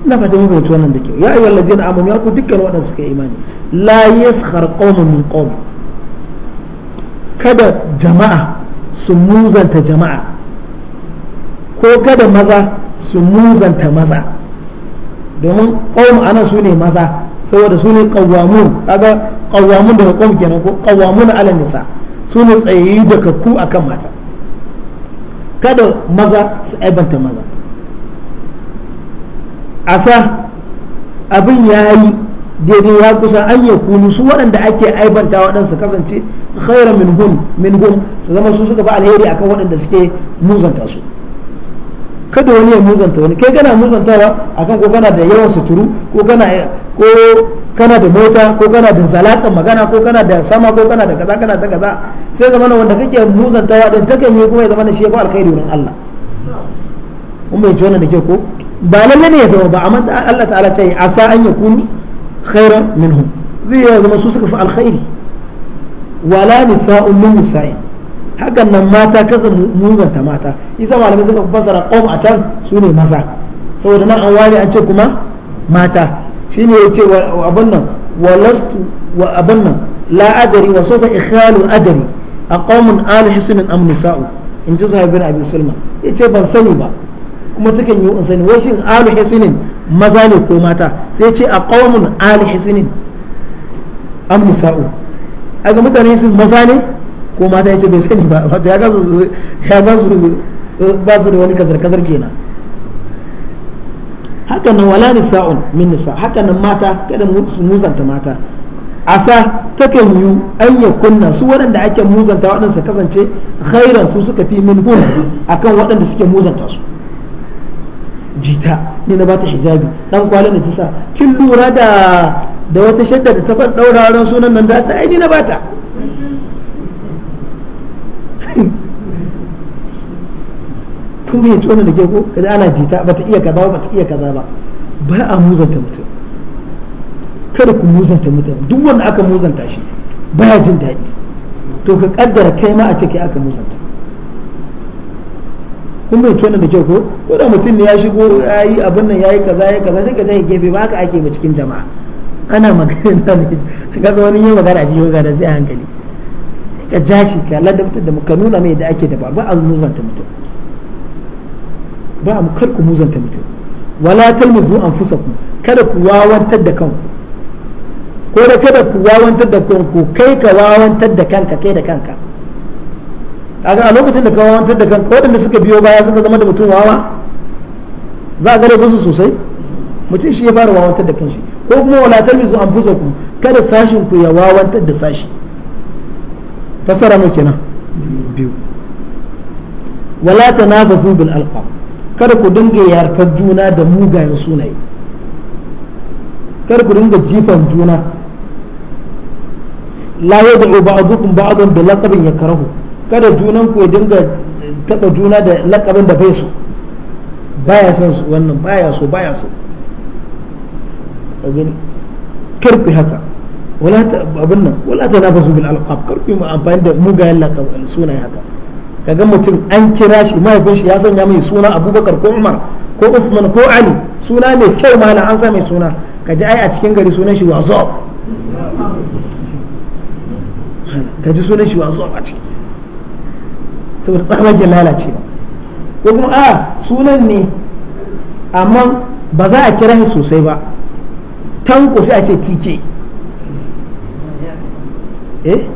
na fata mun fahimci wannan da kyau ya ayyuhal ladina amanu ya ku dukkan waɗanda suka imani la yaskhar qaumun min qaum kada jama'a su muzanta jama'a ko kada maza su muzanta maza domin kawo ana su ne maza saboda su ne ƙawamun kaga ƙawamun daga kenan ko ƙawamun ala nisa su ne tsayayyu daga ku kan mata kada maza su aibanta maza asa abin ya yi daidai ya kusa an ya kunu su waɗanda ake aibanta waɗansu kasance khaira min hun min hun su zama su suka fi alheri akan waɗanda suke muzanta su kada wani ya muzanta wani kai kana muzantawa kan ko kana da yawan suturu ko kana ko kana da mota ko kana da zalakan magana ko kana da sama ko kana da kaza kana da kaza sai zamana wanda kake muzantawa din takan yi kuma ya zamana shi ya fi alkhairi wurin Allah kuma ya ji wannan da ke ko ba lalle ne ya zama ba amma Allah ta'ala ce asa an ya kunu khairan minhum zai iya zama su suka fi alkhairi wala nisa'un min hakan nan mata kasa muzanta mata isa malamai suka fasara qom a can su ne maza saboda nan an ware an ce kuma mata ne ya ce abin nan walastu wa abin nan la adari wa sofa ikhalu adari a qaumun alu hisnin am nisa'u in ji zuhair bin abin sulma yace ban sani ba kuma kan yi unsani sani shin alu hisinin maza ne ko mata sai ce a qaumun alu hisinin am a ga mutane sun maza ne ko mata ya ce bai sani ba wato ya ga su ba su da wani kazar kazar kenan haka nan wala nisa'un min nisa haka nan mata kada su muzanta mata asa kan yi an kunna su waɗanda ake muzanta waɗansa kasance khairan su suka fi min hun akan waɗanda suke muzanta su jita ni na bata hijabi dan kwalin da tisa kin lura da da wata shadda da ta fan daura ran sunan nan da ta ai ni na bata kun bai tona da ke ko kaza ana jita bata iya kaza ba bata iya kaza ba ba a muzanta mutum kada ku muzanta mutum duk wanda aka muzanta shi baya jin daɗi to ka kaddara kai ma a ce kai aka muzanta kun bai tona da kyau ko ko da mutum ne ya shigo ya yi abin nan ya yi kaza ya kaza sai ka tafi gefe ba haka ake ba cikin jama'a ana magana ne ga wani yin magana ji yoga da sai hankali ka ja shi ka ladabta da ka nuna mai da ake da ba ba a muzanta mutum ba mu kar ku muzanta mutum wala talmuzu anfusakum kada ku wawantar da kanku ko da kada ku wawantar da kanku kai ka wawantar da kanka kai da kanka kaga a lokacin da ka wawantar da kanka waɗanda suka biyo baya suka zama da mutum wawa za a gare su sosai mutum shi ya fara wawantar da kanshi ko kuma wala talbizu ku kada sashin ku ya wawantar da sashi fasara mu kenan biyu wala tanabazu bil alqab kada ku dinga yarfar juna da mugayen sunaye kada ku dinga jifan juna la yad'u ba'dukum ba'dan bi laqabin yakrahu kada junan ku ya dinga taba juna da lakabin da bai so baya son su wannan baya so baya so abin karfi haka wala ta abin nan wala ta nafasu bil alqab karfi mu amfani da mugayen lakab suna haka kaga mutum an kira shi mahaifin shi ya sanya mai suna abubakar ko umar ko usman ko ali suna mai kyau mana an sa mai suna kaji ai a cikin gari sunan shi wazob kaji sunan shi wazob a cikin saboda tsabar ya lalace ko kuma a sunan ne amma ba za a kira shi sosai ba tanko sai a ce tike eh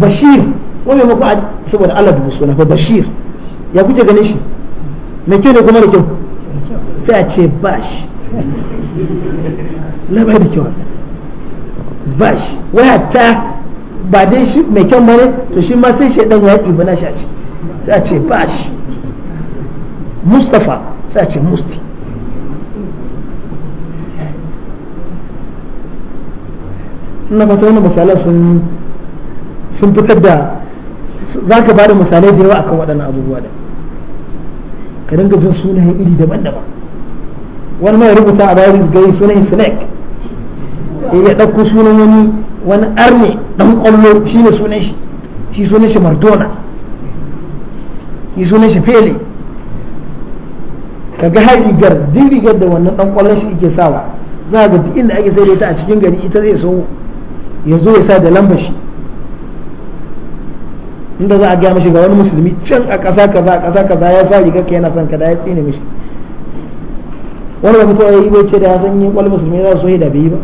bashir wani mako saboda allah dubu suna ko bashir ya kuke ganin shi mai kyau ne kuma da kyau sai a ce bash labai da kyau haka bash wai hatta ba dai shi mai kyan bane to shi ma sai shaidan ya ba na shi a ciki sai a ce ba shi mustafa sai a ce musti ina fata wani misalan sun sun fitar da za ka ba da misalai da yawa akan waɗannan abubuwa da ka dinga jin sunayen iri daban-daban wani mai rubuta a bayan gari sunayen snake eh, ya ɗauko sunan wani wani arne dan kwallo shi ne sunan shi shi sunan shi mardona shi sunan shi fele kaga har rigar duk rigar da wannan dan kwallon shi yake sawa za ga duk inda ake sai da ita a cikin gari ita zai so ya zo ya sa da lambar shi inda za a gaya mashi ga wani musulmi can a ƙasa kaza a ƙasa kaza ya sa rigar ka yana son kada ya tsine mishi wani ba fito ya yi bai ce da ya san yin kwallon musulmi za su so da bai yi ba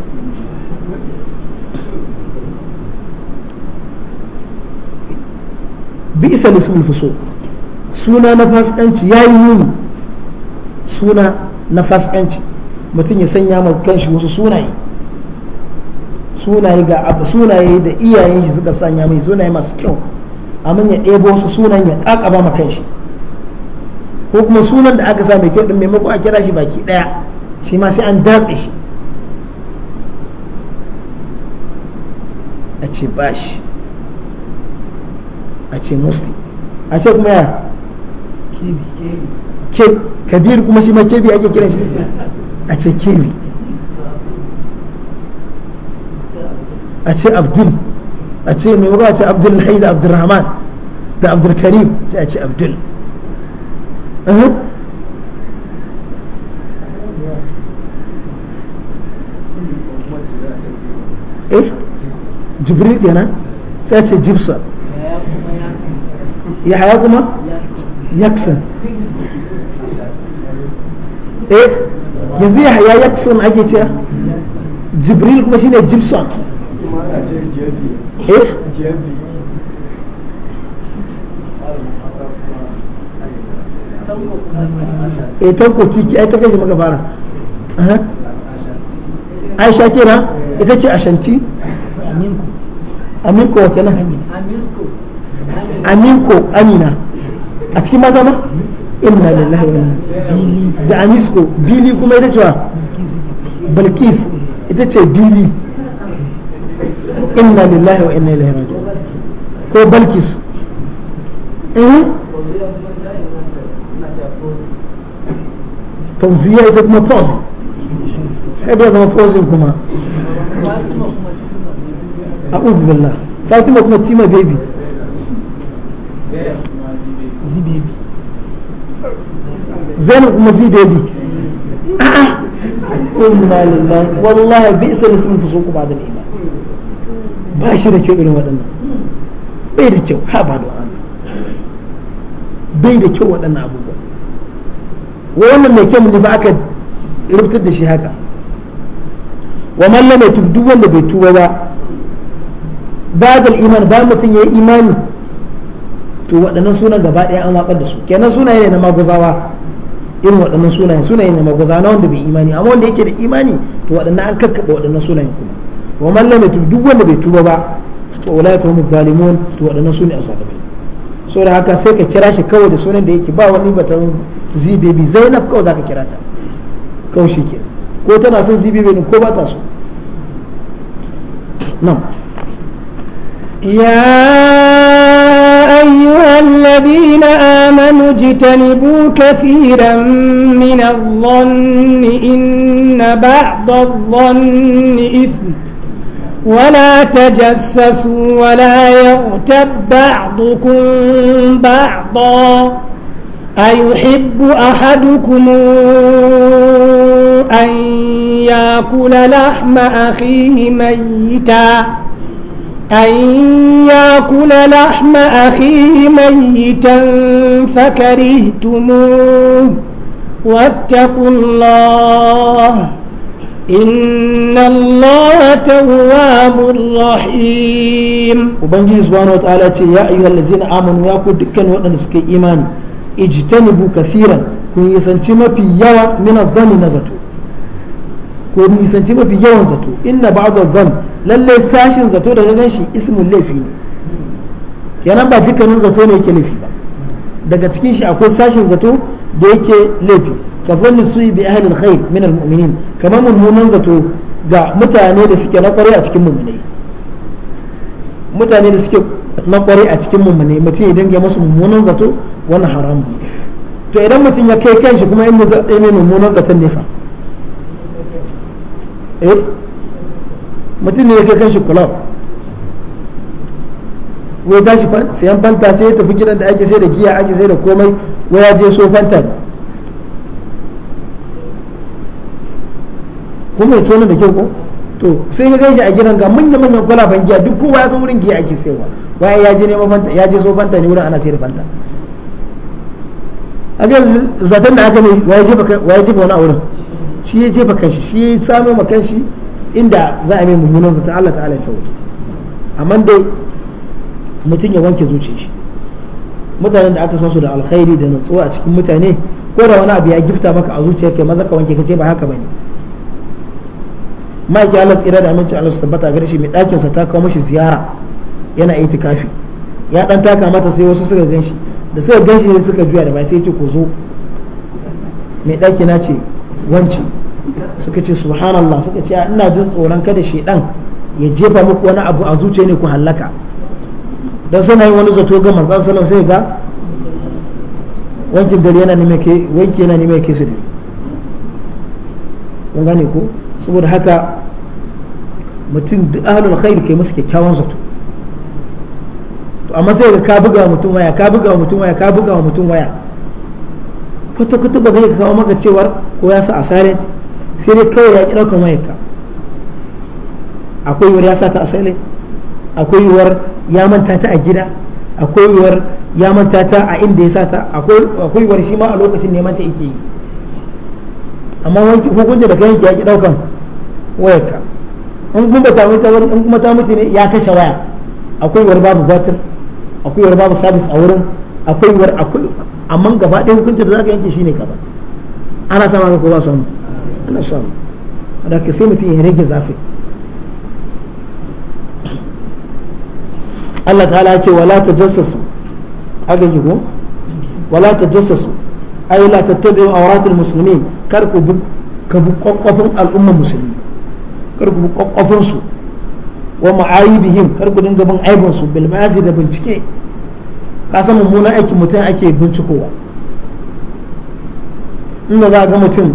bi isa sun fuso suna na fasikanci ya yi nuni suna na fasikanci mutum ya sanya ma kanshi wasu sunaye sunaye ga abu sunaye da iyayen shi suka sanya mai sunaye masu kyau amma ya ɗebo wasu sunan ya kakaba ma kanshi ko kuma sunan da aka sa mai kyau din maimako a kira shi baki ɗaya shi ma sai an datse shi a ce ba shi a ce muslim a ce kuma ya kabir kuma shi ma kebi ake kiran shi a ce kebi a ce abdul a ce mai wuka a ce abdul nahi da abdul rahman da abdul karim sai a ce abdul eh jibril kenan sai a ce jibsa yahaya kuma yaksan eh yanzu yahaya yaksan ake cewa jibril kuma shine jibson eh e tanko kiki ai ta kashe maka fara aisha kira ita ce ashanti aminku aminku wa kenan aminsko aminko amina a cikin mata ma inna lillahi wa da anisko bili kuma ita ce wa balkis ita ce bili inna lillahi wa inna ilaihi raji'un ko balkis eh fauziya ita kuma pause kada ya zama pause kuma a'udhu billah fatima kuma tima baby zanin kuma zai baby a'a inna lillahi wallahi bi isa sun fuso kuma da iman ba shi da kyau irin waɗannan bai da kyau ha ba bai da kyau waɗannan abubuwa wannan mai kyau ne ba aka rubutar da shi haka wa malla mai duk wanda bai tuba ba ba da iman ba mutum ya yi imani to waɗannan sunan gaba ɗaya an watsar da su kenan sunaye ne na maguzawa irin waɗannan sunayen sunayen ne magwaza na wanda bai imani amma wanda yake da imani to waɗannan an karkaɓa waɗannan sunayen kuma wa mallam ya duk wanda bai tuba ba to ulaika humuz zalimun to waɗannan sune asalamai saboda haka sai ka kira shi kawai da sunan da yake ba wani batan zibebi zainab kawai ka kira ta kawai shi ke ko tana son zibebi ne ko ba ta so nan ya أيها الذين آمنوا اجتنبوا كثيرا من الظن إن بعض الظن إثم ولا تجسسوا ولا يغتب بعضكم بعضا أيحب أحدكم أن يأكل لحم أخيه ميتاً أن يأكل لحم أخيه ميتا فكرهتموه واتقوا الله إن الله تواب رحيم وبنجي سبحانه وتعالى يا أيها الذين آمنوا يأكل دكا وأنسك إيمان اجتنبوا كثيرا كن يسنتم في يوى من الظن نزتوا ko nisanci mafi yawan zato inna ba'd zan lallai sashin zato daga ganshi ismun laifi ne kenan ba dukkanin zato ne yake laifi ba daga cikin shi akwai sashin zato da yake laifi ka zanni su'i bi ahlil khair min almu'minin kamar mummunan zato ga mutane da suke na kwarai a cikin mummunai mutane da suke na kwarai a cikin mummunai mutum ya dinga musu mummunan zato wannan haram ne to idan mutum ya kai kanshi kuma in mai mummunan zaton ne fa eh mutum ne ya kai kanshi club wai tashi sayan fanta sai ya tafi gidan da ake sai da giya ake sai da komai wai ya je so fanta kuma ya tona da kyau ko to sai ka ganshi a gidan ga manyan manyan kwalaban giya duk kowa ya san wurin giya ake saiwa waye ya je neman fanta ya je so fanta ne wurin ana sai da fanta a zaton da aka mai waye jefa wani a wurin shi ya jefa kanshi shi ya samu ma kanshi inda za a mai mummunan zata Allah ta'ala ya sauke amma dai mutum ya wanke zuci shi mutanen da aka san su da alkhairi da natsuwa a cikin mutane ko da wani abu ya gifta maka a zuciyar kai maza ka wanke ka ce ba haka bane ma'aikin Allah tsira da aminci Allah su tabbata gare shi mai ɗakin sa ta kawo mashi ziyara yana itikafi ya dan taka mata sai wasu suka ganshi da suka ganshi ne suka juya da bai sai ya ce ku zo mai ɗaki na ce wanci suka ce subhanallah suka ce ina jin tsoron kada shaidan ya jefa muku wani abu a zuce ne ku hallaka don suna yi wani zato ga manzan salam sai ga wankin dare yana nime ke wanki yana nime ke sirri kun gane ko saboda haka mutum duk ahlul khair ke musu kyakkyawan zato to amma sai ga ka buga mutum waya ka buga mutum waya ka buga mutum waya kwata-kwata ba zai kawo maka cewar ko ya sa a silent sai dai kawai ya kira ka mayaka akwai yiwuwar ya sa ka a silent akwai yiwuwar ya manta ta a gida akwai yiwuwar ya manta ta a inda ya sa ta akwai yiwuwar shi ma a lokacin neman ta yake yi amma wanki hukunci da ki ya ki daukan wayarka in kuma ta mutu in kuma ta mutu ne ya kashe waya akwai yiwuwar babu batir akwai yiwuwar babu sabis a wurin akwai yiwuwar akwai amma gaba ɗaya hukuncin da za ka yanke shine kaza ana sama ka ko ba samu ana samu da ka sai mutum ya rage zafi Allah ta'ala ya ce wala tajassasu aga yi ko wala tajassasu ay la tattabi'u awratul muslimin kar ku ka bi kwakwafin al'ummar musulmi kar ku bi kwakwafin su wa ma'ayibihim kar ku dinga bin aibin su bil da bincike ka san mummunan aikin mutum ake bincikowa inda za a ga mutum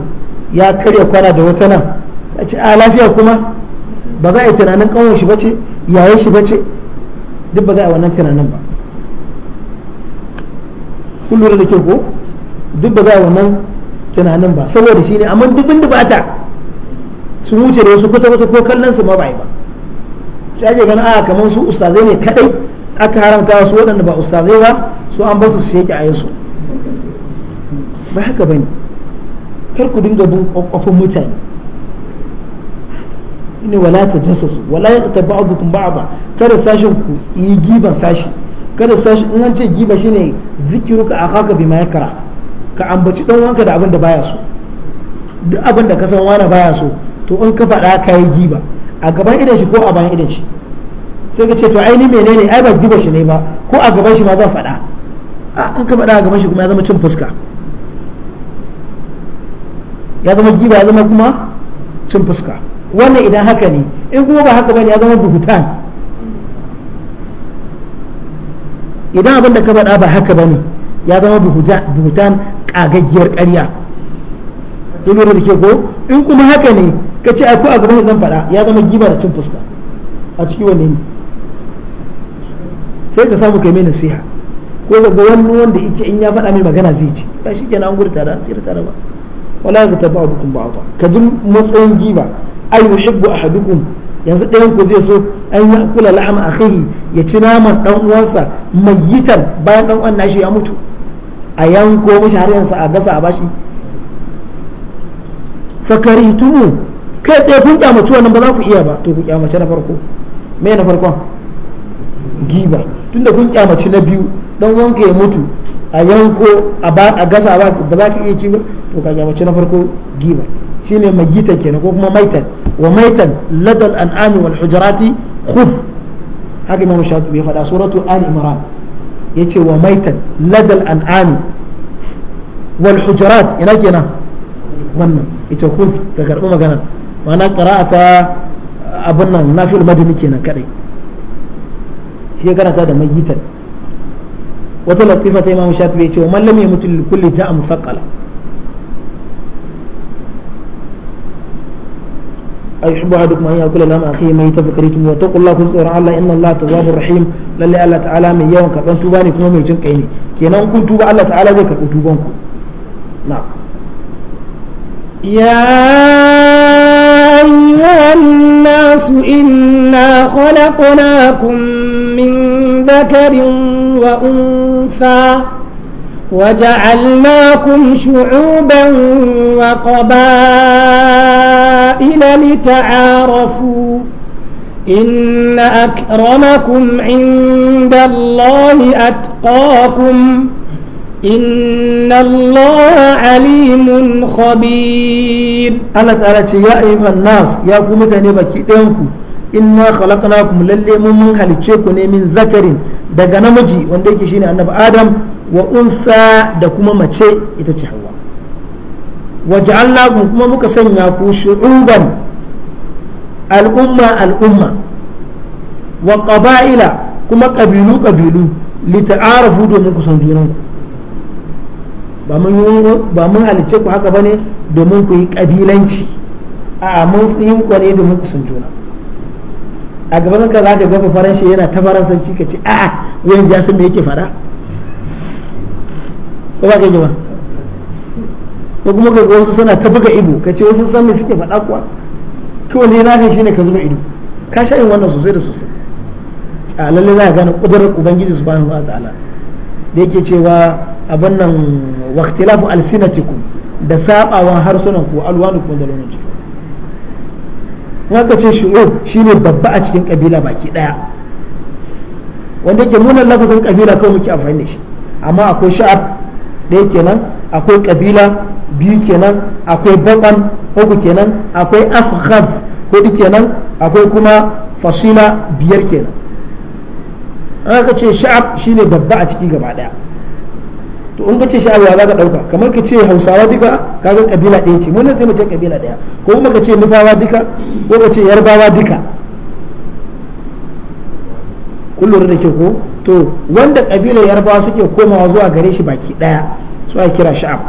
ya karya kwana da wata nan a ce a lafiya kuma ba za a yi tunanin kawon shi bace yayin shi bace duk ba za a yi wannan tunanin ba kun lura da ke ko duk ba za a yi wannan tunanin ba saboda shi ne amma ba ta sun wuce da wasu kwata-kwata ko kallon su ma ba yi ba sai ake ganin a kamar su ustazai ne kadai aka haramta su waɗanda ba ustazai ba su an basu su yake a ba haka ne kar ku dinga bin kwakwafin mutane ina wala ta jasasu wala ya ta ba'a ba kada sashen ku yi giban sashi kada sashi in an ce giba shine zikiruka akaka bi yakra ka ambaci ɗan wanka da abin da baya so duk abin da ka san wani baya so to in ka faɗa ka yi giba a gaban idan shi ko a bayan idan shi sai ka ce to aini menene ai ba zuba shi ne ba ko a gaban shi ma zan faɗa a in ka faɗa a gaban shi kuma ya zama cin fuska ya zama giba ya zama kuma cin fuska wannan idan haka ne in kuma ba haka bane ya zama buhutan idan abin da ka faɗa ba haka bane ya zama buhutan kagaggiyar ƙarya in da ke ko in kuma haka ne ka ce a ko a gaban shi zan faɗa ya zama giba da cin fuska a ciki wanne ne sai ka samu kai mai nasiha ko ka ga wani wanda ita in ya faɗa mai magana zai ci ba shi kenan an gudu tare an da tare ba wala ka taba dukun ba ka ji matsayin giba ay yuhibbu ahadukum yanzu ɗayan ku zai so an ya kula lahama akhihi ya ci naman dan uwansa mayitan bayan dan uwan nashi ya mutu a yanko mishi har yansa a gasa a bashi karitumu kai tsaye kun kyamaci wannan ba za ku iya ba to ku kyamace na farko me na farkon giba tunda kun kyamaci na biyu dan wanka ya mutu a yanko a gasa ba ba za ka iya ci ba to ka kyamaci na farko giba shine mayyita kenan ko kuma maitan wa maitan ladal an'ami wal hujarati khuf haka imam shatibi ya faɗa suratu ali imran yace wa maitan ladal an'ami wal hujurat ina kenan wannan ita khuf ka karbi magana ma'ana qira'ata abun nan nafil madani kenan kadai shi ya karanta da mayyitan wata latifa ta imamu shafi ya wa mallam ya mutu lukulli ja a musakala a yi shubuwa duk mai yakula lamu a kai mai ta rahim lalle allah ta'ala yawan karɓan tuba kuma mai jin ne kenan kun tuba zai karɓi tuban ku أيها الناس إنا خلقناكم من ذكر وأنثى وجعلناكم شعوبا وقبائل لتعارفوا إن أكرمكم عند الله أتقاكم إن الله عليم خبير الله ya يا mutane baki يا in na دينكم inna khalaqnakum lalle mun mun ku ne min zakarin daga namiji wanda yake shine annabi adam wa unsa da kuma mace ita ce hawa wa kuma muka sanya ku shu'uban al'umma al'umma wa ƙaba'ila kuma kabilu kabilu lita'arafu domin ku san junanku ba mun halice ku haka bane domin ku yi kabilanci a mun yin ku ne domin ku san juna a gaban ka za ka gafa faranshi yana ta faransanci ka ce a wani ya san me yake fara ko ba ka yi ba ko kuma ka ga wasu suna ta buga ido ka ce wasu san me suke faɗa kuwa kawai ne na shi ne ka zuba ido ka sha yin wannan sosai da sosai a lalle za ka gane kudurar ubangiji subhanahu wa ta'ala da yake cewa abin nan wa ikhtilafu da sabawan harsunan ku alwanukum da launin jiki haka ce shu'ub shine babba a cikin kabila baki daya wanda yake munan lafazin kabila kawai muke amfani da shi amma akwai sha'ab ɗaya kenan akwai kabila biyu kenan akwai baƙan uku kenan akwai afghaz hudu kenan akwai kuma fasila biyar kenan haka ce sha'ab shine babba a ciki gaba daya to in ka ce sha'awa za ka ɗauka kamar ka ce hausawa duka kaga kabila ɗaya ce mun sai mu ce kabila ɗaya ko kuma ka ce nufawa duka ko ka ce yarbawa duka kullum da ke ko to wanda kabilar yarbawa suke komawa zuwa gare shi baki ɗaya su a kira sha'awa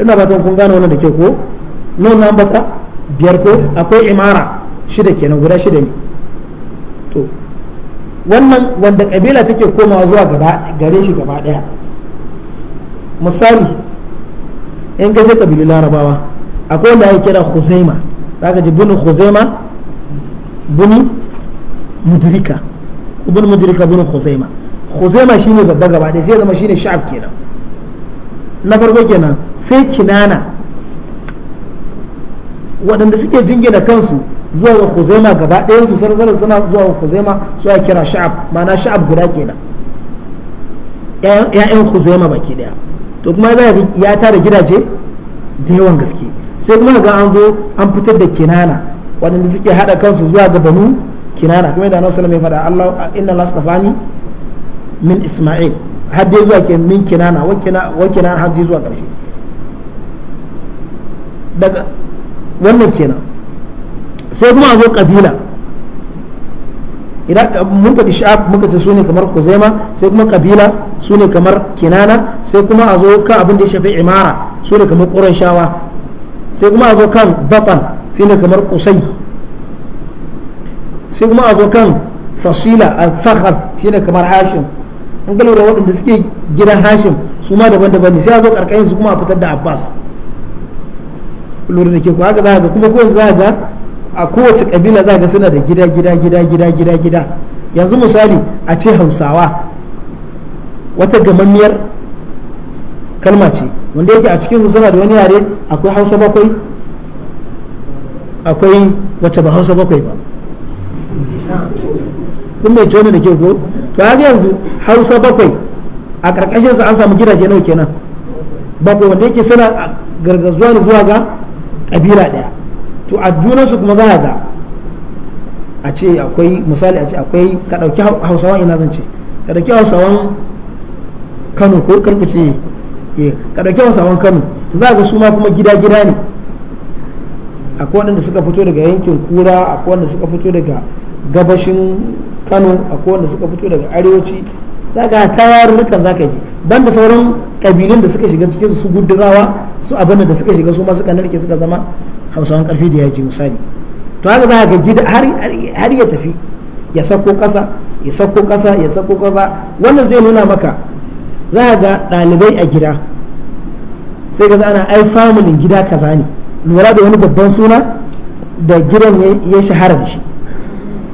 ina ba kun gane wannan da ke ko nan na bata biyar ko akwai imara shida kenan guda shida ne to wannan wanda kabila take komawa zuwa gare shi gaba daya misali in ka je kabilu larabawa akwai wanda ya kira huzaima zaka ji bunu huzaima bunu mudrika bunu mudrika bunu huzaima huzaima shine babba gaba daya sai zama shine sha'ab kenan na farko kenan sai kinana waɗanda suke jingina kansu zuwa ga kuzema gaba ɗayan su sarsalar suna zuwa ga kuzema su ya kira sha'ab ma'ana sha'ab guda kenan ya'yan ba baki ɗaya to kuma za ya tara gidaje da yawan gaske sai kuma ga an zo an fitar da kinana waɗanda suke haɗa kansu zuwa ga banu kinana kuma yadda annabi sallallahu alaihi wasallam ya faɗa Allah inna lastafani min isma'il har dai zuwa ke min kinana wa kinana har zuwa ƙarshe daga wannan kenan sai kuma a zo kabila idan eh, mun faɗi sha'ab muka ce su ne kamar kuzaima sai kuma kabila su ne kamar kinana sai kuma a zo kan abin da ya shafi imara su ne kamar ƙurayshawa sai kuma a zo kan batan su ne kamar kusai sai kuma a zo kan fasila al-fakhar shi ne kamar hashim an galo da waɗanda suke gidan hashim su ma daban-daban ne sai a zo ƙarƙashin su kuma a fitar da abbas lura da ke ku haka za ga kuma ko yanzu za ga a kowace kabila za ga suna da gida gida gida gida gida gida yanzu misali a ce hausawa wata gamammiyar kalma ce wanda yake a cikin suna da wani yare akwai hausa bakwai akwai wata ba hausa bakwai ba kun mai tona da ke ko to haka yanzu hausa bakwai a karkashin su an samu gidaje nawa kenan bakwai wanda yake suna gargazuwa zuwa ga kabila daya to a junansu kuma za ga a ce akwai misali a ce akwai ka ɗauki hausawan ina zan ce ka ɗauki hausawan kano ko karkace eh, ka ɗauki hausawan kano to za ga su ma kuma gida gida ne akwai waɗanda suka fito daga yankin kura akwai waɗanda suka fito daga gabashin kano akwai waɗanda suka fito daga arewaci za ga ka tarurrukan za ka ji banda sauran kabilun da suka shiga cikin su gudurawa su abin da suka shiga su ma suka narke suka zama hausawan karfi da ya yaji misali to haka za ga gida har ya tafi ya sako kasa ya sako kasa ya sako kasa wannan zai nuna maka za ga ɗalibai a gida sai ga zana ai familin gida kaza ne lura da wani babban suna da gidan ya shahara da shi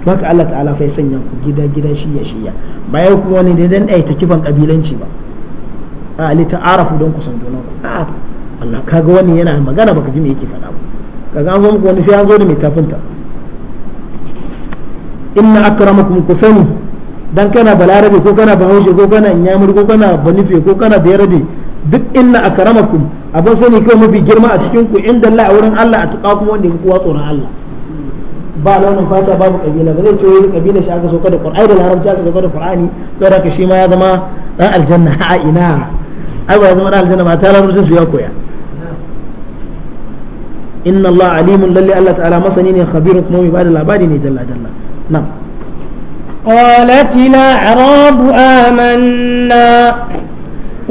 haka Allah ta'ala fa ya sanya ku gida gida shiya shiya ba yau kuma wani dan ɗaya ta kifan kabilanci ba a ali ta arafu don kusan junan ku a Allah kaga wani yana magana baka ji me yake faɗa ba daga an zo muku wani sai an zo da mai tafinta inna akramakum ku sani dan kana balarabe ko kana bahaushe ko kana inyamur ko kana banife ko kana bayarabe duk inna akramakum abin sani kai mafi girma a cikin ku inda Allah a wurin Allah a tuka kuma wanda kuwa tsoron Allah ba launin fata babu kabila ba zai ce wani kabila shi aka soka da Qur'ani da larabci aka soka da Qur'ani da ka shi ma ya zama dan aljanna a ina ai ba ya zama dan aljanna ba ta larabcin su ya koya إن الله عليم للي الله تعالى مصنين خبير كما يبعد العبادين جل جل نعم قالت عراب آمنا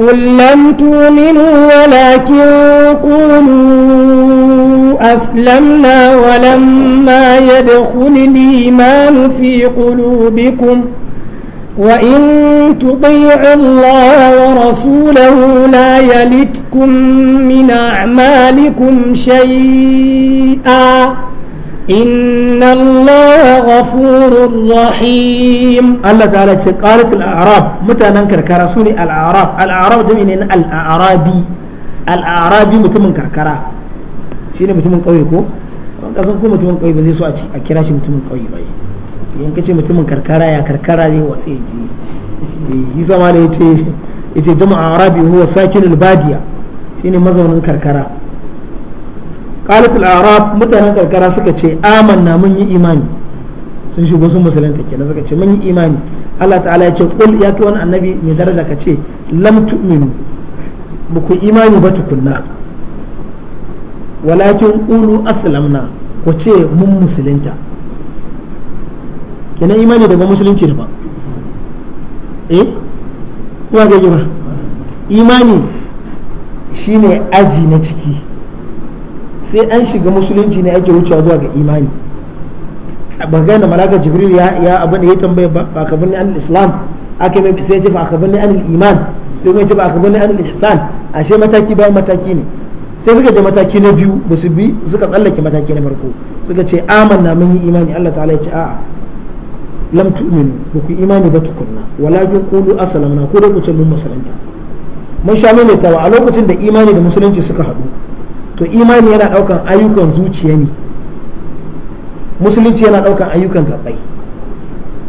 قل لم تؤمنوا ولكن قولوا أسلمنا ولما يدخل الإيمان في قلوبكم وإن تطيعوا الله ورسوله لا يلتكم من أعمالكم شيئا إن الله غفور رحيم الله تعالى قالت الأعراب متى ننكر كرسولي الأعراب الأعراب جميعنا الأعرابي الأعرابي متمن كركرا شنو متمن قوي كو kasan ko mutumin kauye ba zai so a kira shi mutumin kauye ba in kace mutumin karkara ya karkara ne wasu ya ji yi zama da ya ce jama'a arabi huwa sakinul badiya shine mazaunin karkara qalatul arab mutanen karkara suka ce amanna mun yi imani sun shigo sun musulunta kenan suka ce mun yi imani Allah ta'ala ya ce qul ya kai wani annabi mai daraja ka ce lam tu'minu ba ku imani ba tukunna walakin qulu aslamna ku ce mun musulunta kenan imani daga musulunci ne ba eh ya ga jima imani shi ne aji na ciki sai an shiga musulunci ne ake wucewa zuwa ga imani a ga da malaka jibril ya ya abin da ya tambaya ba ba ka bani anil islam aka mai sai ce ba ka bani anil iman sai mai ce ba ka bani anil ihsan ashe mataki bayan mataki ne sai suka je mataki na biyu ba su bi suka tsallake mataki na farko suka ce amanna mun yi imani Allah ta'ala ya ce a'a lam tu'minu ba ku imani ba tukunna walakin qulu aslamna ko da ku ce mun musulunta mun sha mai tawa a lokacin da imani da musulunci suka haɗu to imani yana ɗaukan ayyukan zuciya ne musulunci yana ɗaukan ayyukan gaɓai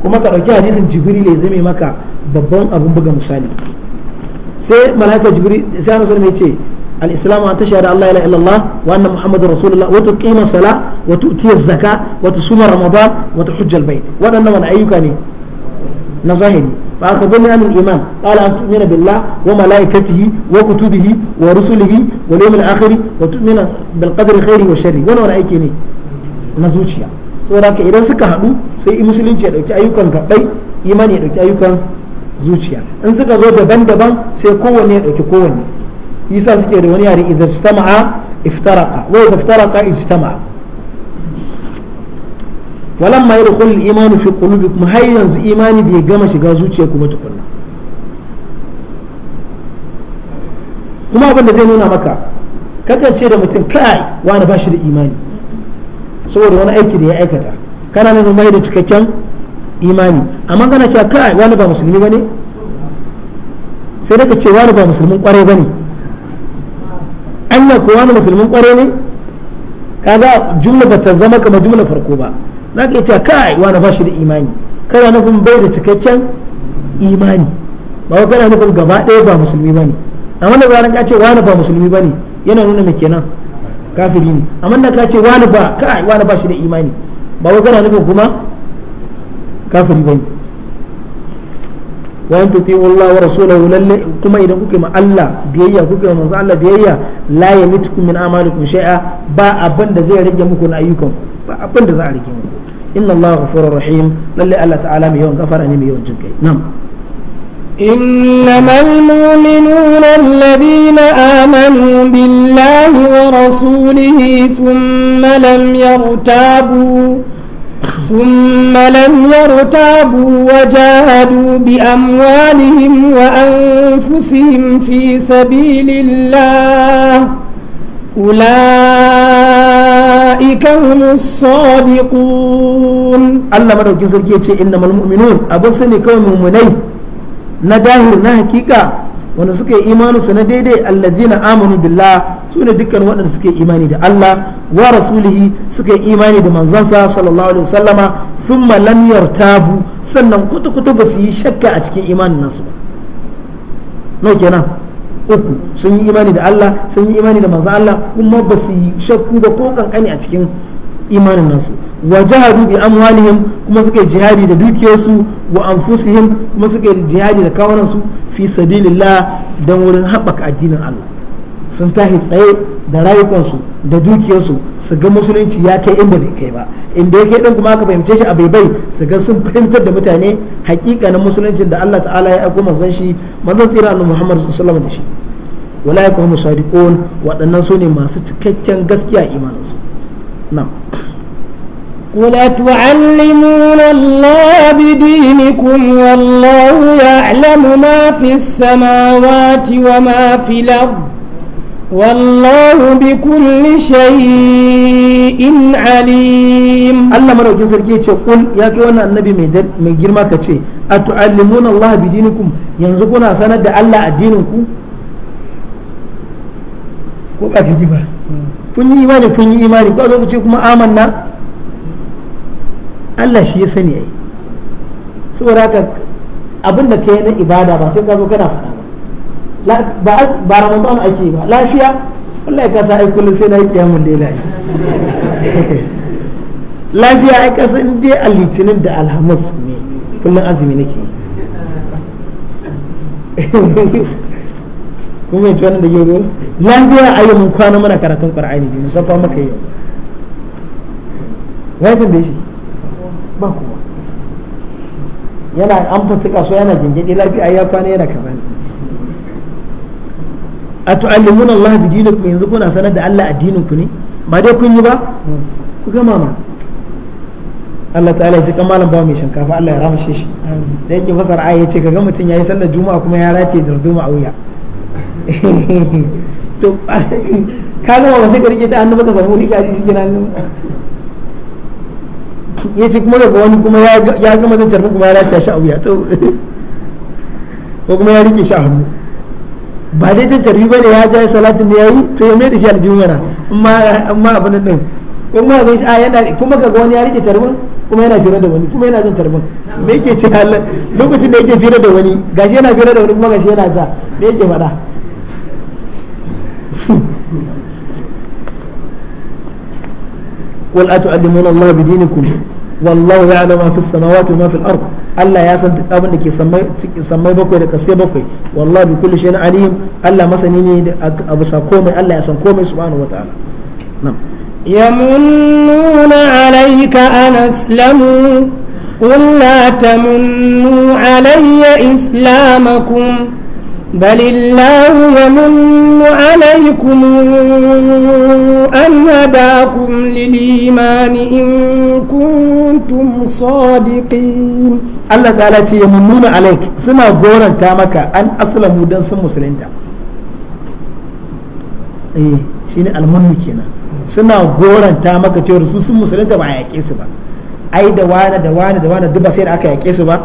kuma ka ɗauki hadisin jibril ya mai maka babban abun buga misali sai malaka jibril sai annabi ya ce الإسلام أن تشهد أن لا إله إلا الله وأن محمد رسول الله وتقيم الصلاة وتؤتي الزكاة وتصوم رمضان وتحج البيت وأنا من أيك نظاهري فأخبرني عن الإيمان قال أن تؤمن بالله وملائكته وكتبه ورسله واليوم الآخر وتؤمن بالقدر خيره وشره وأنا من أيك نزوجيا saboda haka idan suka haɗu sai musulunci ya ɗauki ayyukan gaɓai imani ya ɗauki ayyukan zuciya in suka zo daban-daban sai kowanne ya ɗauki kowanne yasa suke da wani yare idza istama'a iftaraqa wa idza iftaraqa istama'a walamma yadkhul al-iman fi qulubikum hayyan zu imani bai gama shiga zuciyarku kuma tukunna kuma abin da zai nuna maka kakan ce da mutum kai wani ba shi da imani saboda wani aiki da ya aikata kana nuna mai da cikakken imani amma kana cewa kai wani ba musulmi bane sai daga ce wani ba musulmin kwarai bane anya kowa na musulmin kware ne kaga jumla ba ta zama kamar jumla farko ba za ka ita kai wani ba shi da imani kana nufin bai da cikakken imani ba kana nufin gaba ɗaya ba musulmi ba ne amma da zaran ka ce wani ba musulmi ba ne yana nuna mai kenan kafiri ne amma da ka ce wani ba kai wani ba shi da imani ba kana nufin kuma kafiri ba ne wa in tuti'u Allah wa rasulahu lalle kuma idan kuke ma Allah biyayya kuke manzo Allah biyayya la yalitukum min amalikum shay'a ba abin da zai rage muku na ayyukan ba abin da za a rage muku inna Allah ghafurur rahim lalle Allah ta'ala mai yawan gafara ne mai yawan jinkai na'am إنما المؤمنون الذين آمنوا بالله ورسوله ثم لم يرتابوا ثم لم يرتابوا وجاهدوا بأموالهم وأنفسهم في سبيل الله أولئك هم الصادقون الله مرة كسر كيتي إنما المؤمنون أبو سنة كون مؤمنين نداهر نهكيكا wanda suka yi imanu su na daidai allazina amanu billah su ne dukkan waɗanda suka yi imani da Allah wa rasulihi suka yi imani da manzansa sallallahu alaihi wasallama sun lam yartabu sannan kutu kutu ba su yi shakka a cikin imanin nasu ba no kenan uku sun yi imani da Allah sun yi imani da manzan Allah kuma ba su yi shakku ba ko kankani a cikin imanin nasu wa jahadu bi amwalihim kuma suka jihadi da dukiyarsu wa anfusihim kuma suka jihadi da kawaransu fi sabilillah dan wurin haɓaka addinin Allah sun tahi tsaye da rayukansu da dukiyarsu su ga musulunci ya kai inda bai kai ba inda yake din kuma aka fahimce shi a baibai su ga sun fahimtar da mutane hakikanin musuluncin da Allah ta'ala ya aiko manzon shi manzon tsira annabi Muhammad sallallahu alaihi wasallam da shi wala yakum sadiqun waɗannan su ne masu cikakken gaskiya imaninsu نعم قل أتعلمون الله بدينكم والله يعلم ما في السماوات وما في الأرض والله بكل شيء عليم الله مرة كيسر كيتش قل يا كيوانا النبي ميجر ما كتشي أتعلمون الله بدينكم ينزقون سند الله دينكم ko ka ji ba kun yi imani kun yi imani ko zo ku ce kuma amanna Allah shi ya sani yayi saboda haka abin da kai na ibada ba sai ka zo kana faɗa ba ba ramadan ake ba lafiya wallahi ka sa ai kullum sai na yi kiyamun lela lafiya ai ka san dai alitinin da alhamis ne kullum azumi nake yi kun yanci wannan da yau lafiya a mun kwana mana karatun qur'ani musamman musaffa maka yau wai da shi ba kuma yana an fata kaso yana jingidi lafiya ya kwana yana kaza ne a tu'allimuna Allah bi dinikum yanzu kuna sanar da Allah addinin ku ne ba dai kun yi ba ku ga mama Allah ta'ala ya ce kamalan ba mai shinkafa Allah ya ramashe shi da yake fasar aya ce kaga mutum yayi sallar juma'a kuma ya rataye da juma'a wuya to ka gama ba sai ka rike ta hannu baka samu wani kaji shi gama ya ce kuma ga wani kuma ya gama zan jarfi kuma ya rata shi a wuya to ko kuma ya rike shi a hannu ba dai zan tarfi ba ne ya ja salatin da ya yi to ya mai da shi aljihun yana amma abin nan din kuma ga shi a yana kuma ga wani ya rike tarbin kuma yana fira da wani kuma yana zan tarbin me yake ce Allah lokacin da yake fira da wani gashi yana fira da wani kuma gashi yana za me yake faɗa قل أتعلمون الله بدينكم والله يعلم ما في السماوات وما في الأرض Allah ya san duk da ke sammai bakwai da kasai bakwai wallahi bi kulli shay'in alim Allah masani ne da abu sa komai Allah ya san komai subhanahu wataala nam yamunnuna alayka an alayya islamakum بل الله يمن عليكم أن هداكم للإيمان إن كنتم صادقين الله تعالى يمنون عليك سنة غورا تامك أن أسلموا دنس مسلمين eh shine almannu kenan suna goranta maka cewar su sun musulunta ba a yaƙe su ba ai da wani da wani da wani duk ba sai da aka yaƙe su ba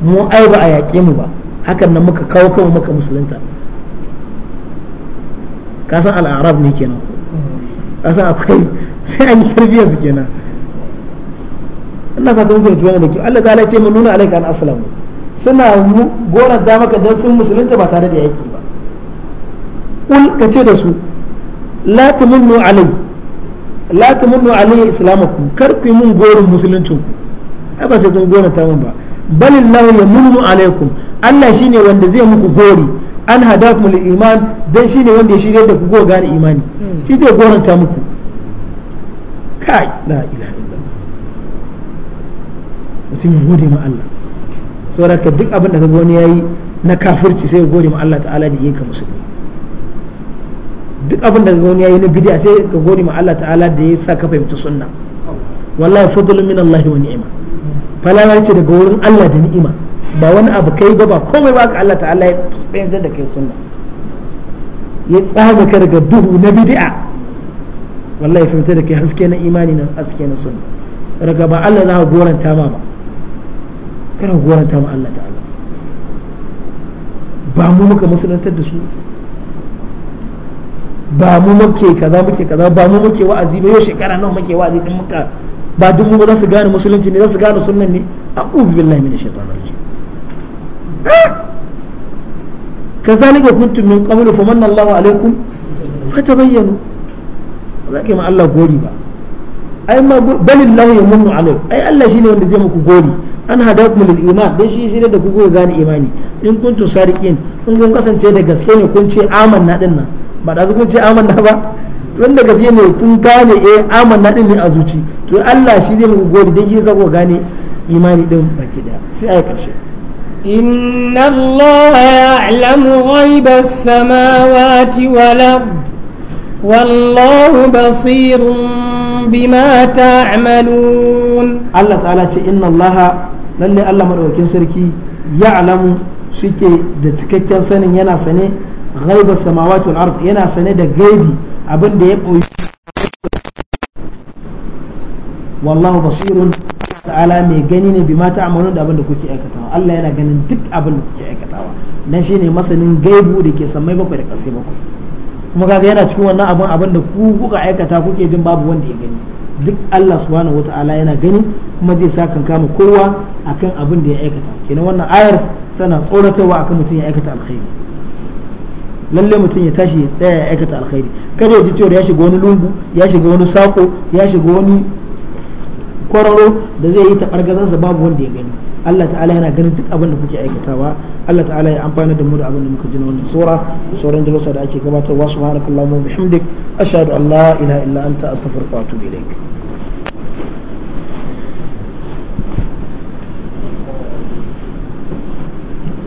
mu ai ba a yaƙe mu ba hakan nan muka kawo kawo muka musulunta kasan al'arab ne kenan kasan akwai sai an yi tarbiyyar su kenan ina fatan kun tuwa da kyau Allah gala ce nuna alaika an aslamu suna gonar da maka dan sun musulunta ba tare da yaki ba kul ka ce da su la tamunnu alai la tamunnu alai islamakum kar ku mun gorin musuluncin ku ai ba sai kun gona ta mun ba balin ya yamunnu alaikum Allah shi ne wanda zai muku gori an hadakum lil iman don shi ne wanda ya shirye da ku go gane imani hmm. shi zai goranta muku kai na ilaha illallah mutum ya gode ma Allah da ka duk abin da goni ya yi na kafirci sai ya gode ma Allah ta'ala da yake musulmi duk abin da goni ya yi na bid'a sai ka gode ma Allah ta'ala da ya sa ka fahimci sunna wallahi fadlun min Allah wa ni'ma falawar ce daga wurin Allah da ni'ima ba wani abu kai ba ba komai ba ka Allah ta'ala ya fahimtar da kai sunna ya tsaga ka daga duhu na bid'a wallahi fahimtar da kai haske na imani na haske na sunna daga ba Allah za ka goranta ma ba kana goranta ma Allah ta'ala ba mu muka musulantar da su ba mu muke kaza muke kaza ba mu muke wa'azi ba yau shekara nawa muke wa'azi din muka ba duk mu za su gane musulunci ne za su gane sunan ne a ƙufi billahi min shaitan rajim eh? ka zalika kuntu min qablu fa manna Allahu alaikum fa ta tabayyanu ba ke ma Allah gori ba ai ma balin lahu yamunu alaikum ai Allah shi ne wanda zai muku gori an hadakum lil iman dai shi shine da kuku gane imani in kuntu kuntum sadiqin kun kasance da gaske ne kun ce amanna dinnan ba da kun ce amanna ba wanda ka ne kun gane eh na din ne a zuci to Allah shi zai mu gode dai yasa ko gane imani din baki daya sai ayi karshe inna allaha ya'lamu ghaiba samawati wal ard wallahu basirun bima ta'malun Allah ta'ala ce inna allaha lalle Allah madaukakin sarki ya'lamu shike da cikakken sanin yana sane ghaiba samawati wal ard yana sane da gaibi abin ya koyi wallahu basirun ta'ala mai gani ne bi mata amalun da abinda kuke aikatawa Allah yana ganin duk abinda da kuke aikatawa nan shine masanin gaibu da ke samai bakwai da kasai bakwai kuma kaga yana cikin wannan abin abinda ku kuka aikata kuke jin babu wanda ya gani duk Allah subhanahu wata'ala yana gani kuma zai sa kan kama kowa akan abin da ya aikata kenan wannan ayar tana tsoratarwa akan mutum ya aikata alkhairi lallai mutum ya tashi ya tsaya ya aikata alkhairi kada ya ji cewa ya shiga wani lungu ya shiga wani sako ya shiga wani kwararo da zai yi taɓargazansa babu wanda ya gani Allah ta'ala yana ganin duk abin da kuke aikatawa Allah ta'ala ya amfana da mu da abin da muka ji na wannan sura sauran darussa da ake gabatarwa subhanakallahumma bihamdik ashhadu an la ilaha illa anta astaghfiruka wa atubu ilaik